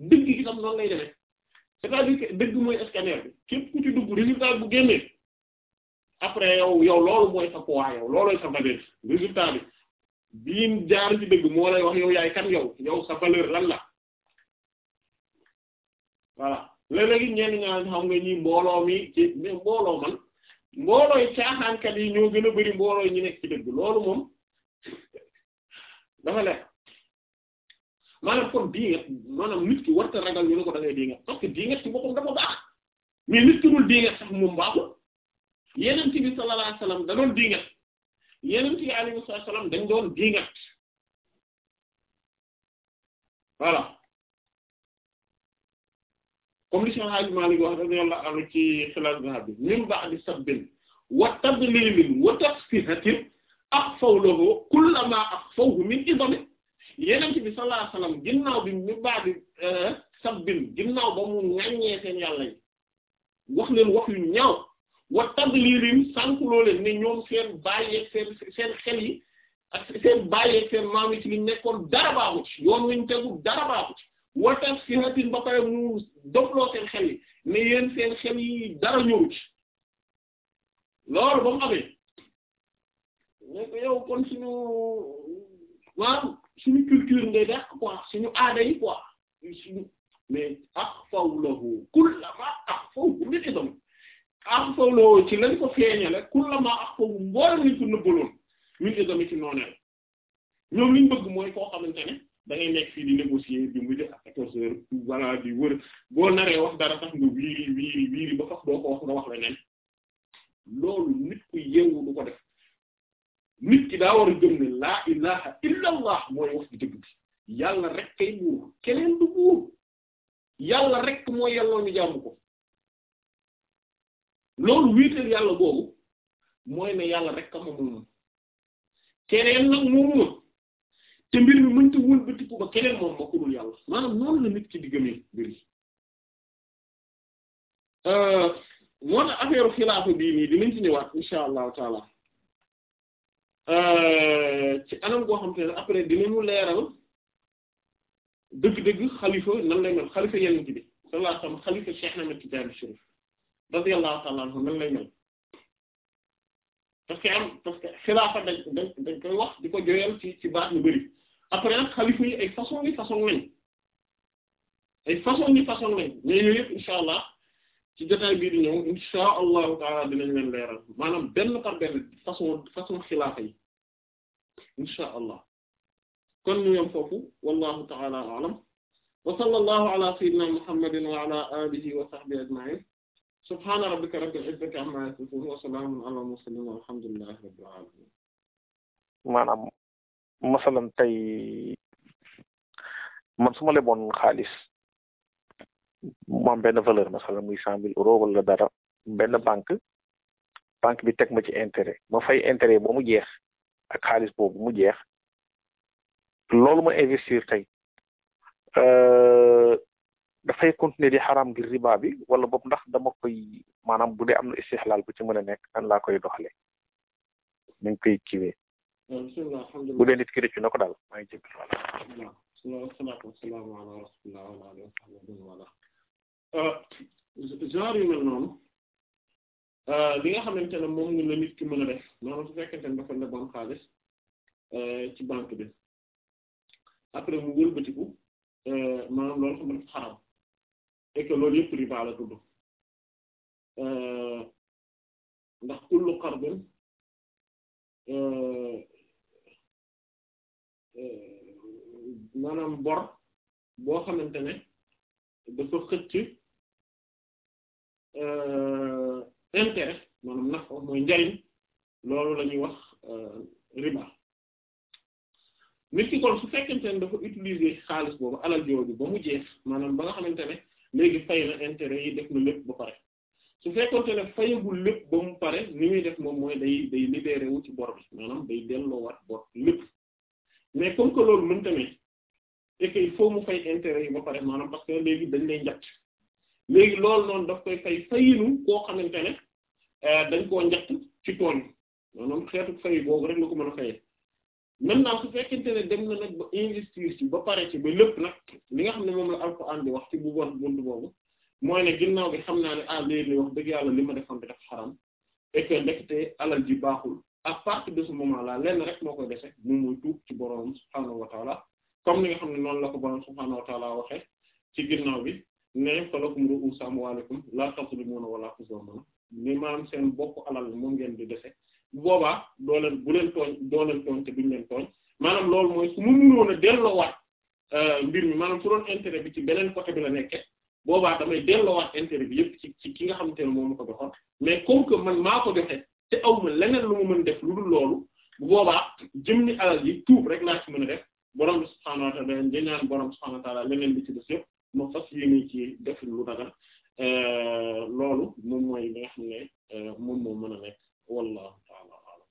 bi dëgg mooy scanner bi képp ku ci dugg résultat bu génnee après yow yow loolu mooy sa poids yow loolooy sa valeur résultat bi biin jaar ci dëgg moo lay wax yow yaay kan yow yow sa valeur lan la voilà léeg-léegi ñenn ñaa xam nga ñi mbooloo mi mbooloo man mboolooy caaxaankat yi ñoo gën a bari mboolooy ñi nekk ci dëgg loolu moom dafa lekk maanaam kon diingat maanaam nit ki warta ragal ñu ne ko da ngay diingat parce que diingat ci boppam dafa baax mais nit ki dul diingat sax moom baaxul yenent bi sallallahu alayhi wasallam da doon diingat yenent bi alayhi wasallam dañ doon diingat voilà comme li Cheikh Hadji Malick wax radiyallahu anhu ci Hilal Dhahab bi min ba'di sabbin wa tadlilin wa tafsihatin akhfaw lahu kulla ma akhfawhu min idami Yonent bi sallallahu alayhi wasallam ginnaaw bi min ba'di eh, sabbin ginnaaw ba mu ŋaññee seen yàlla yi wax leen wax yu ñaaw wa tadlilin sànkuloo leen ne ñoom seen bàyyeeg seen seen xel yi ak seen bàyyeeg seen maam yi ci li nekkoon dara baaxu ci yoon wi ñu tegu dara baaxu ci watas si hatin ba pare mu dobloo seen xel yi ne yéen seen xel yi dara ñëwut loolu ba mu amee ne ko yow kon suñu waaw suñu culture ngay dàq quoi suñu aada yi quoi suñu mais akhfaw lahu kullama akhfaw nit yi tam akhfaw lahu ci lañ ko feeñale kullama akhfaw mboolem lañ ko nëbbaloon nit yi ci nooneel ñoom liñ bëgg mooy koo xamante ne da ngay nekk fii di négocier di mujj ak quatorze heures voilà di wër boo naree wax a sax nga wiiri wiiri wiiri ba sax doo ko wax nga wax leneen loolu nit ku yeewu du ko def nit ki daa war a gëm ne laa ilaha illa allah mooy wax di dëgg bi yàlla rek kay buur keneen du buur yàlla rek mooy yàlla rek ka ma moom keneen nag moomu te mbir mi mënta wul ba ba keneen moom moo ko yàlla maanaam noonu la nit ki di gëmee mbir euh, moo tax affaire xilaafa bii nii dinañ ci ñëwaat insha allahu taala euh, ci anam goo xam te ne leeral dëgg-dëgg xalifa nan lay mel xalifa yenn ci bi sallallahu alayhi wasallam xalifa Cheikh Ahmed Tidiane Chérif radiyallahu ta'ala anhu nan lay mel parce am parce xilaafa dañ dañ dañ koy wax di ko joyal ci ci baat bari après nag xalifa yi ay façon ni façon lañ ay façon ni façon lañ mais yooyu yëpp insha allah ci jotaay bii di ñëw insha allahu taala dinañ leen leeral maanaam benn par benn façon façon xilaafa yi insha allah kon ñu a foofu wallahu taala alam wa a ala sayyidina muhammadin wa ala alihi wa sahbihi ajma'in subhana rabbika rabbil izzati amma yasifun wa salamun ala mursalin walhamdulillahi rabbil alamin maanaam masalan tey man su ma leboon xaalis mu am benn valeur masalan muy cent mille euros wala dara benn banque banque bi teg ma ci intérêt ma fay intérêt ba mu jeex ak xaalis boobu mu jeex loolu ma investir tey dafay continuer di xaraam ngir riba bi wala boobu ndax dama koy maanaam bu dee am na istixlaal bu ci mën a nekk nan laa koy doxalee nañ koy kiwee bu dee nit ki rëccu na ko daal maa ngi jégalu voilà. salaamaaleykum wa rahmatulah. Euh, genre yu mel noonu euh, li nga xamante ne moom la nit ki mën a def noonu su fekkente ne dafa leboon xaalis euh, ci banque bi après mu wëlbatiku maanaam loolu xam dafa xaram et que loolu yëpp riba la tudd ndax kullu qardin Euh, maanaam bor boo xamante ne dafa xëcc euh, intérêt maanaam nax ko mooy njariñ loolu la ñuy wax euh, riba nit ki kon su fekkente ne dafa utiliser xaalis boobu alal jooju ba mu jeex maanaam ba nga xamante ne léegi fay na intérêt yi def na lépp ba pare su fekkonte ne fayagul lépp ba mu pare ni muy def moom mooy day day libéré wu ci bor bi maanaam day delloowaat bor lépp mais comme que loolu mënta ne et que il mu fay intérêt yi ba pare maanaam parce que léegi dañ lay njatt léegi loolu noonu daf koy fay fayinu koo xamante ne euh, dañ koo njatt ci tool yi maanaam xeetu fay boobu rek la ko mën a fayee maintenant su fekkente ne dem na nag ba investir ci ba pare ci ba lépp nag li nga xam ne moom la Alxuraan bi wax ci bu bon bunt boobu mooy ne ginnaaw gi xam naa ne ah léegi wax dëgg yàlla li ma defoon bi dafa xaram et que ndekete alal ji baaxul à partir de ce moment là lenn rek moo koy dese moom mooy tuub ci boroom subhaanahu wa taala comme ni nga xam ne noonu la ko boroom subhaanahu wa taala waxe ci ginnaaw bi ne falakum ru'uusu amwaalikum laa tazlimuuna wa laa tuzlamuuna ni maam seen bopp alal moom ngeen di dese boobaa doo bu leen tooñ doo leen te duñ leen tooñ maanaam loolu mooy su mu mënoon a delloowaat euh, mbir mi maanaam su doon intérêt bi ci beneen côté bi la nekkee boobaa damay delloowaat intere bi yëpp ci ci ki nga xamante ne moom ma ko joxoon mais comme que man maa ko joxe te aw leneen lu mu mën def lu dul loolu bu boobaa jëm ni alal yi tuub rek laa ci mën a def borom bi subhaanahu wa leneen li ci yëpp moo fas yéene ci def lu dagal euh, loolu moom mooy li ne euh, moom moo mën a nekk wallahu ta'aala a'lam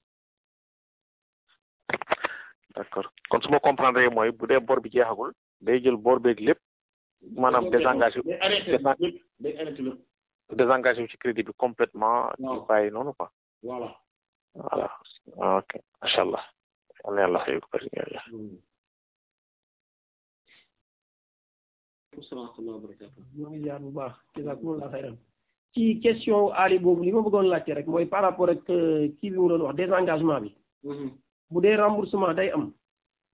d'accord kon su ma comprendre mooy bu dee bor bi jeexagul day jël bor beeg lépp maanaam désengagé day arrêté lépp ci crédit bi complètement noonu quoi voilà voilà ah, ok macha allah am na yàlla xëy ko bëri jërëjëf salaamaaleykum wa barakaatu ci question Ali boobu li bëggoon laajte rek mooy par rapport ak euh, kii bi mu doon wax désengagement bi mm-hmm. bu dee remboursement day am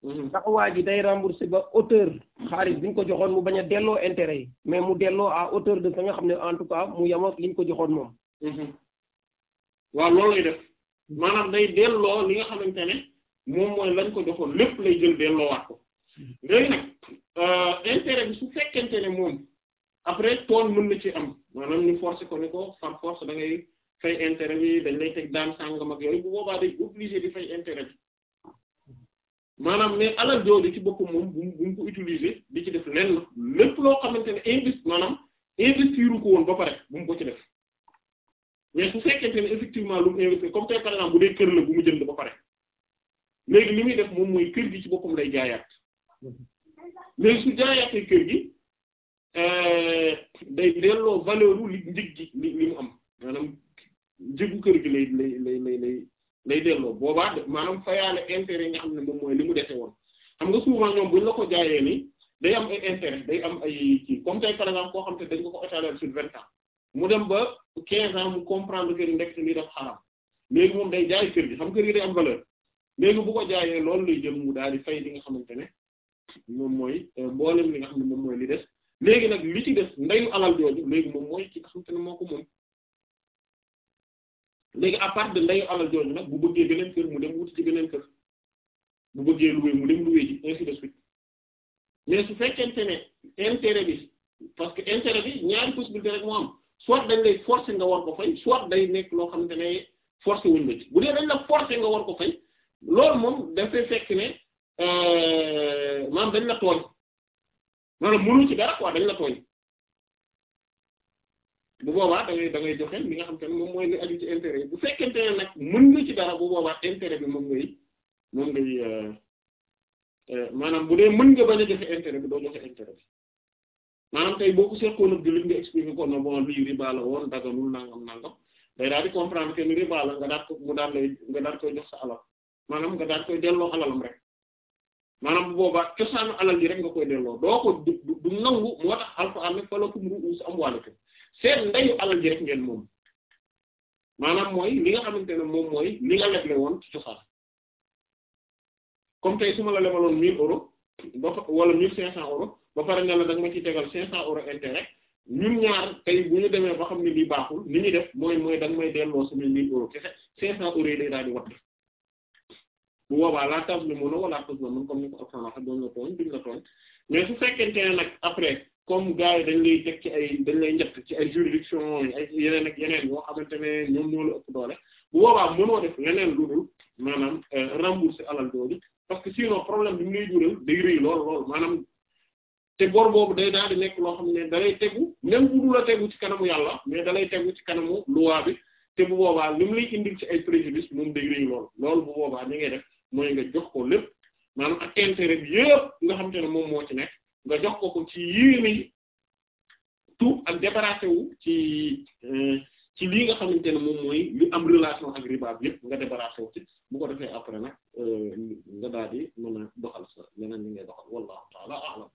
mm-hmm. ndax waa ji day remboursé ba hauteur xaalis bi ñu ko joxoon mu bañ a delloo intérêt yi mais mu delloo à hauteur de fa nga xam ne en tout cas mu yem ak li ñu ko joxoon moom mm-hmm. waaw loolu lay def maanaam day delloo li nga xamante ne moom mooy lañ ko joxoon lépp lay jël delloowaat ko léegi nag euh, intérêt bi su fekkente ne moom après tool mën na ci am maanaam ñu forcer ko ni ko par force da ngay fay intérêt bi dañ lay teg daan sàngam ak yooyu bu boobaa day obligé di fay intérêt bi maanaam mais alal jooju ci boppam moom bu mu ko utiliser di ci def lenn lépp loo xamante ne invest maanaam investiru ko woon ba pare bu mu ko ci def mais su fekkente ne effectivement lu mu investir comme tey par exemple bu dee kër la bu jënd ba pare léegi li muy def moom mooy kër gi ci boppam lay jaayaat léegi su jaayaatee kër gi euh, day delloo valeur lu njëg gi li li mu am maanaam njëgu kër gi lay lay lay lay lay lay delloo boobaa maanaam fayaale intérêt yi nga xam ne moom mooy li mu dese woon xam nga souvent ñoom buñ la ko jaayee ni day am ay intérêt day am ay kii comme tey par koo xam te dañ ko ko étaler sur vingt ans mu dem ba 15 ans mu comprendre que ni ndekk lii daf xaram léegi moom day jaay kër gi xam kër gi day am valeur léegi bu ko jaayee loolu lay jëm mu daal di fay li nga xamante ne moom mooy euh, mboolem li nga xam ne moom mooy li des léegi nag li ci des ndeyu alal jooju léegi moom mooy ki nga xamante ne moo ko moom léegi à de ndeyu alal jooju nag bu bëggee beneen kër mu dem wuti ci beneen kër bu bëggee loué mu dem loué ji ainsi de suite mais su fekkente ne intérêt bi parce que intérêt bi ñaari possibilité rek moo soit dañ lay forcer nga war ko fay soit day nekk loo xam ne forcer wuñ la ci bu dee dañ la forcer nga war ko fay loolu moom dafay fekk ne euh, maanaam dañ la tooñ maanaam mënu ci dara quoi dañ la tooñ bu boobaa da ngay da ngay joxe li nga xamante ne moom mooy li aju ci intérêt yi bu fekkente ne nag mën nga ci dara bu boobaa intérêt bi moom ngay moom ngay euh, euh, maanaam bu dee mën nga bañ a joxe intérêt bi doo joxe intérêt bi maanaam tey boo ko seqoon ak jullit nga expliqué ko ne bon lii riba la woon daganul nangam nangam day daal di comprendre que ni riba nga daal koy jox sa alal maanaam nga daal koy delloo alalam rek maanaam bu boobaa cosaanu alal yi rek nga koy delloo doo ko du du nangu moo tax alquran ne falakum ru'uusu amwaalikum seen ndeyu alal ji rek ngeen moom maanaam mooy li nga xamante ne moom mooy li nga leble woon ci cosaan comme tey su la lebaloon 1000 euros ba wala 1500 euros. ba pare la da nga ma ciy tegal 500 euros ñun ñaar tey bu ñu demee ba xam ne lii baaxul li ñu def mooy mooy da nga may delloo suñu 1000 euros kese 500 euros yi day daal di watt bu boobaa laa taw bi mun a la tooñ duñ la tooñ mais su fekkente ne nag après comme gars yi dañ lay teg ci ay dañ lay njëkk ci ay juridiction ay yeneen ak yeneen yoo xamante ne ñoom ñoo la ëpp doole bu boobaa mënoo def leneen lu dul maanaam euh, rembourser alal doole parce que sinon problème bi mu jural day rëy lool lool maanaam. te boor boobu day daal di nekk loo xam ne dalay tegu même bu dul a tegu ci kanamu yàlla mais dalay tegu ci kanamu luwaa bi te bu boobaa li mu lay indil ci ay préjudice moom day rëy lool loolu bu boobaa ni ngay def mooy nga jox ko lépp maanaam ak intérêt bi yëpp nga xam te ne moom moo ci nekk nga jox ko ko ci yéene yi tout ak débarrassé wu ci euh, ci lii nga xamante ne moom mooy li am relation ak riba bi yëpp nga débarrassé wu ci bu ko defee après nag euh, nga daal di mën a doxal sa leneen li ngay doxal wallahu ta'ala a'lam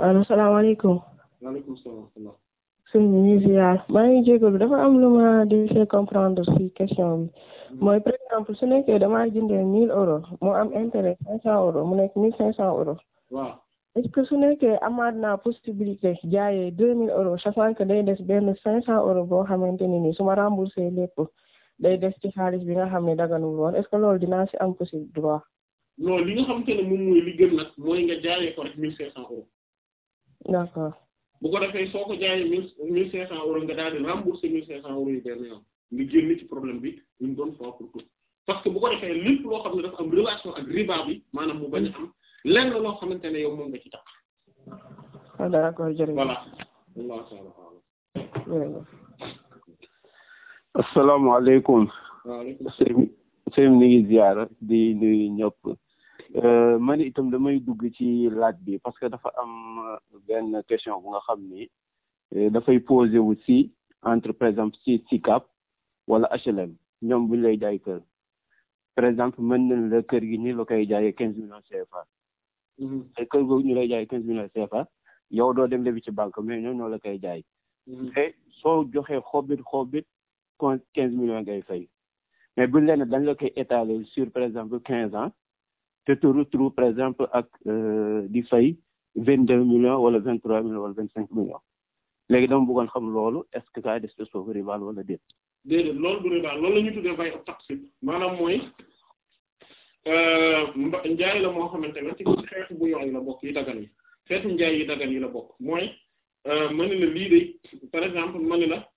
allo salaamaaleykum. maaleykum salaam. sëñ maa ngi jégalu dafa am lu ma di fee comprendre si question bi hmm. mooy par exemple su nekkee damaa jëndee 1000 euro moo am intérêt 500 euros mu nekk 1500 euros. waaw est-ce que su nekkee amaat naa possibilité jaayee 2000 euros sachant que day des benn 500 euros boo xamante ne nii su ma remboursé lépp day des ci xaalis bi nga xam ne daganul woon est-ce que loolu dinaa si am possible droit. non li nga xamante ne moom mooy li gën nag mooy nga jaayee ko d'accord bu ko defee soo ko jaayee mille mille cinq nga daal di rembourser mille cinq cent euros yi benn yoon nga génn ci problème bi une bonne fois pour parce que bu ko defee lépp loo xam ne dafa am relation ak riba bi maanaam mu bañ a am lenn loo xamante ne yow moom nga ci tax. Ah, d'accord jërëjëf voilà. asalaamaaleykum. waaleykum salaam. sëñ mi ngi ziyaara di nuyu ñëpp. Euh, man itam damay dugg ci laaj bi parce que dafa am euh, benn question bu nga xam ni euh, dafay posé wu si entre par exemple si SICAP wala HLM ñoom buñ lay jaay kër par exemple mën nañ la kër gi ni la koy jaaye quinze millions CFA mm-hmm. te kër googu ñu lay jaayee quinze millions CFA yow doo dem bi ci banque mais ñoom ñoo la koy jaay mm-hmm. te soo joxee xobit xobit quinze millions ngay fay mais bu leen dañ la koy étaler sur par exemple quinze ans te te par exemple ak euh, di fay vingt deux millions wala vingt trois millions wala vingt cinq millions léegi dama bëggoon xam loolu est ce que cas d'espèce foofu rival wala déet. déedéet loolu du rival loolu la ñuy tuddee fay taxis maanaam mooy euh, njaay la moo xamante ne ci xeetu bu yooyu la bokk yi dagan yi xeetu njaay yi dagan yi la bokk mooy euh, ma ne la lii de par exemple ma la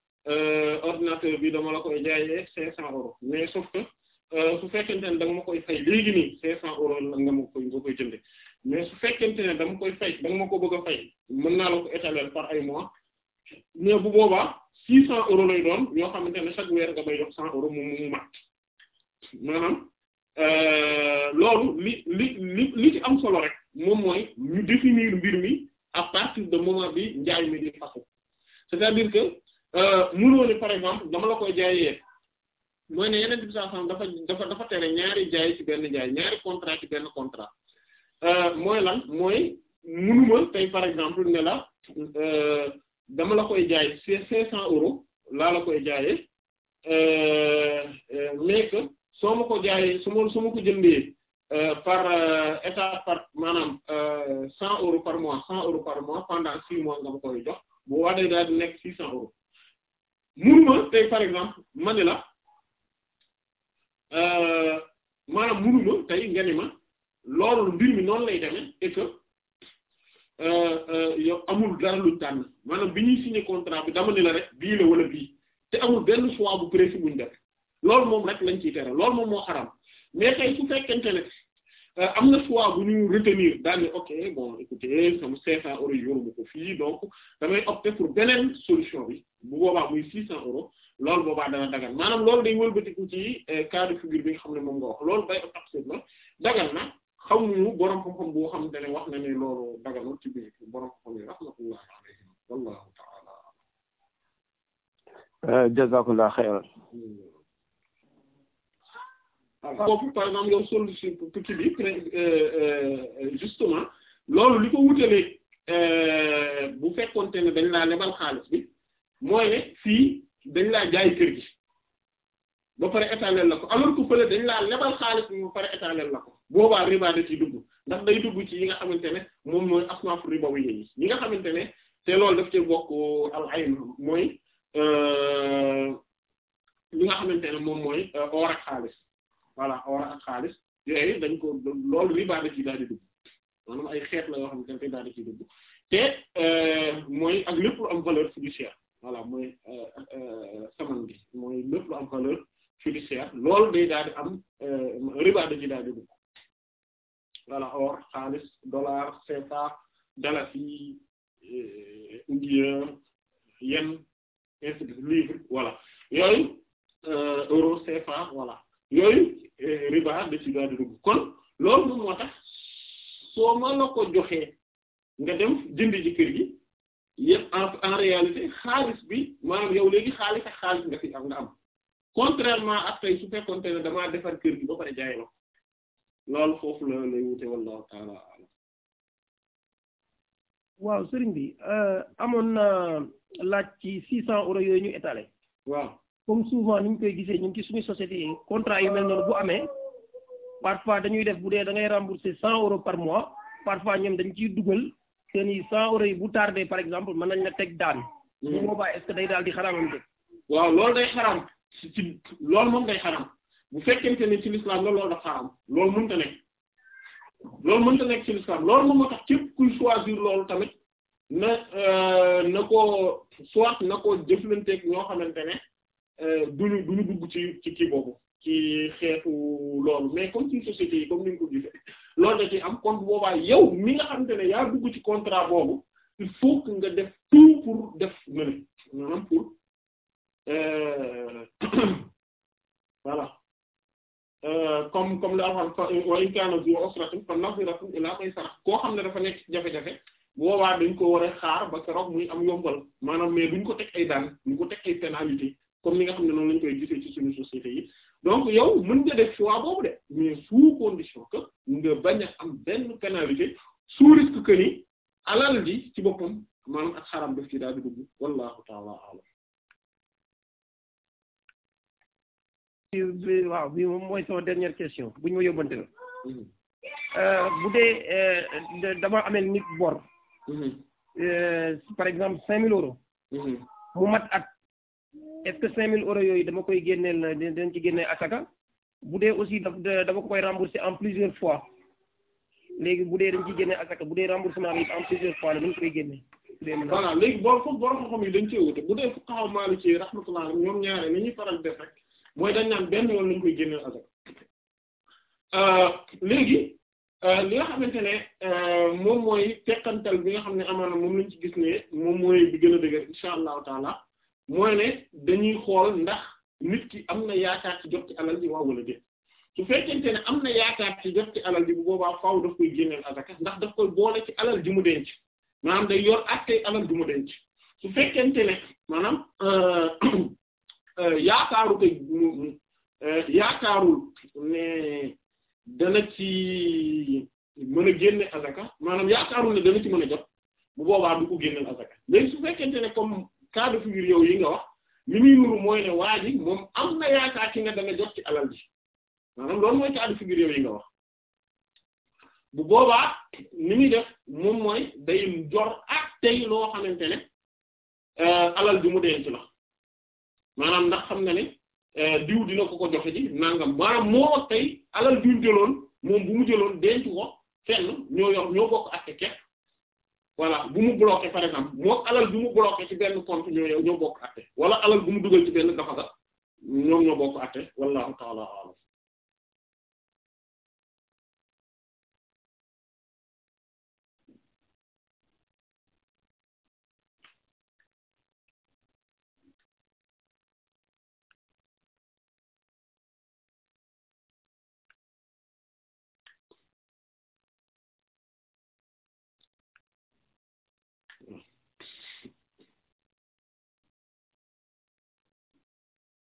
ordinateur bi dama la koy jaayee cinq cent euros mais sauf Euh, su fekkente ne da ma koy fay léegi nii cinq cent euros la nga ma koy nga koy jënde mais su fekkente ne dama koy fay da nga ma ko bëgg a fay mën naa la ko étaler par ay mois mais bu boobaa six cent euros lay doon yoo xamante ne chaque weer nga may jox cent euros moom mu mat maanaam euh, loolu li li li li ci am solo rek moom mooy ñu définir mbir mi à partir de moment bi njaay mi di façon c'est-à-dire que euh, mënoo ne par exemple dama la koy jaayee mooy ne yeneen bi sallallahu alayhi wasallam dafa dafa dafa tere ñaari jaay ci benn jaay ñaari contrat ci benn contrat euh, mooy lan mooy munuma tey par exemple ne la euh, dama la koy jaay c'est cinq cents euros laa la koy jaayee euh, mais soo ma ko jaayee su ma su ko jëndee par état par maanaam cent euros par mois cent euros par mois pendant six mois nga ma koy jox bu waa day daal nekk six cents euros munuma tey par exemple ma ne Euh, maanaam munuma tey nga ni ma loolu mbir mi noonu lay deme et que euh, euh, yow amul dara luñ tànn maanaam bi ñuy signé contrat bi dama ni la rek bii la wala bii te amul benn choix bu précis buñ def loolu moom rek lañ ciy tere loolu moom moo xaram mais tey su fekkente ne am na choix bu ñu retenir daal ni ok bon écoutez sama 500 euros yu ko fii donc damay opter pour beneen solution bi bu boobaa muy 600 euros. loolu boobaa dana dagan maanaam loolu day wëlbatiku ci eh, cas de figure bi nga xam ne moom nga wax loolu bay taxsir la dagan na xamuñu borom xam-xam boo xamante ne wax na ne loolu daganul ci biir borom xam-xam yi rahmatullahi alayhim wallahu ta'ala eh, hmm. bi euh, euh, justement loolu li ko wutalee euh, bu fekkonte ne dañ laa lebal xaalis bi mooy ne fii dañ laa jaay kër gi ba pare étaler la ko alors que fële dañ laa lebal xaalis bi ba pare étaler la ko boobaa riba da ciy dugg ndax day dugg ci yi nga xamante ne moom mooy asnaf ribawi yi yi nga xamante ne te loolu daf ci bokk al ayn mooy euh, li nga xamante ne moom mooy euh, or ak xaalis voilà or ak xaalis yooyu dañ ko loolu riba da ciy daal di dugg ay xeet la yoo xamante ne daal di ciy dugg te euh, mooy ak lépp lu am valeur fiduciaire voilà mooy euh, euh, saman bi mooy lépp lu am valeur fiduciaire loolu day daal am euh, riba da ci daal di dugg or xaalis dollar CFA dalasi indien yen ainsi de livre voilà yooyu euro CFA voilà yooyu riba da ci daal di kon loolu moom moo soo ma la ko joxee nga dem jënd ci kër gi yëpp en en réalité xaalis bi maanaam yow léegi xaalis ak xaalis nga fi am nga am contrairement ak tey su fekkoonte damaa defar kër ba pare jaay ma loolu foofu la lay wute wallahu taala alam waaw sëriñ bi euh, amoon na laaj ci six cent euros yooyu ñu étalé. waaw comme souvent ni ñu koy gisee ñun ci suñu société yi contrat yi mel noonu bu amee parfois dañuy def bu dee da ngay rembourser cent euros par mois parfois ñoom dañ ciy dugal. seen i cent euros yi bu tardé par exemple man nañ la teg daan. bu mm. boobaa est-ce que day daal di xaraamam de. waaw loolu day xaraam ci ci loolu moom day xaraam bu fekkente ni ci l'islam la loolu dafa xaraam loolu mënta nekk loolu mënta nekk ci l'islam loolu moom moo loolu tamit na euh, na ko soit na ko xamante ne euh, duñu duñu dugg ci ci kii boobu ci xeetu loolu mais comme ci société yi comme ni nga ko gisee. lool da ci am comme boobaa yow mi nga xamante ne yaa dugg ci contrat boobu il faut nga def tout pour def mëne maanaam pour euh, voilà euh, comme comme la alxam wa in kaana zu usratin fa naziratun ilaa maysarah koo xam ne dafa nekk jafe-jafe boobaa dañ ko war a xaar ba keroog muy am yombal maanaam mais duñ ko teg ay daan duñ ko teg ay pénalité comme ni nga xam ne noonu lañ koy gisee ci suñu société yi donc yow mën nga def choix boobu de mais sous condition que nga bañ a am benn pénalité sous risque que alal ji ci boppam maanaam ak xaram def ci daal di dugg wallahu waaw bi moom mooy soo dernière question bu ñu ma yóbbante la hmm. euh, bu dee euh, dama amel nit bor hmm. euh, par exemple cinq mille euros hmm. mu mat at est-ce que 5000 euros yooyu dama koy génneel dinañ ci génne asaka bu dee aussi dama ko koy rembourser en plusieurs fois léegi bu dee dañ ci génne asaka bu dee remboursement bi en plusieurs fois koy génne. voilà léegi boo yi dañ cee wute bu dee fuqaha Maliki rahmatullah ñoom ñaare ni ñuy faral def rek mooy dañ naan benn yoon lañ koy génneel asaka euh, léegi. Euh, li nga xamante ne euh, moom mooy teqantal bi nga xam ne amaana moom lañ ci gis ne moom mooy bi gën a dëgër insha allahu taala mooy ne dañuy xool ndax nit ki am na yaakaar ci jot ci alal ji waaw wala déet su fekkente ne am na yaakaar ci jot ci alal ji boobaa faaw daf koy génneel ndax daf koy boole ci alal ji mu denc maam day yor àttee alal ji mu denc su fekkente ne maanaam euh, euh, yaakaaru koy euh, yaakaarul ne dana ci mën a génne azaka mën a jot bu boobaa du ko génneel azaka léegi su fekkente ne comme cas de figure yow yi nga wax li muy nuru mooy ne waa ji moom am na yaakaar ci ne da jot ci alal ji maanaam loolu mooy cas de yow yi nga wax bu boobaa ni muy def moom mooy day jor ak tey loo xamante ne euh, alal ji mu denc la maanaam ndax xam na ne euh, diw dina ko ko joxe ji nangam maanaam moo tey alal juñ jëloon moom bu mu jëloon denc ko fenn ñoo yor ñoo bokk ak kepp voilà bu mu bloqué par exemple moom alal bu mu bloqué ci benn compte ñoo ñoo bokk àtte wala alal bu mu dugal ci benn gafaga ñoom ñoo bokk àtte wallahu ta'ala a'lam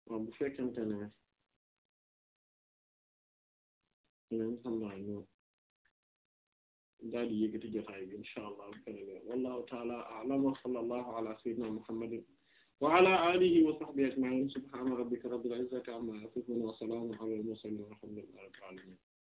bu fekkente ne ñoom xam naa ñu daal di yëkkati jotaay bi incha allah beneen wallahu ta'ala a'lam wa sallallahu ala sayyidina muhammadin wa ala alihi wa sahbihi ajma'in subhana rabbika rabbil izzati amma yasifun wa salamun ala al mursalin walhamdulillahi rabbil alamin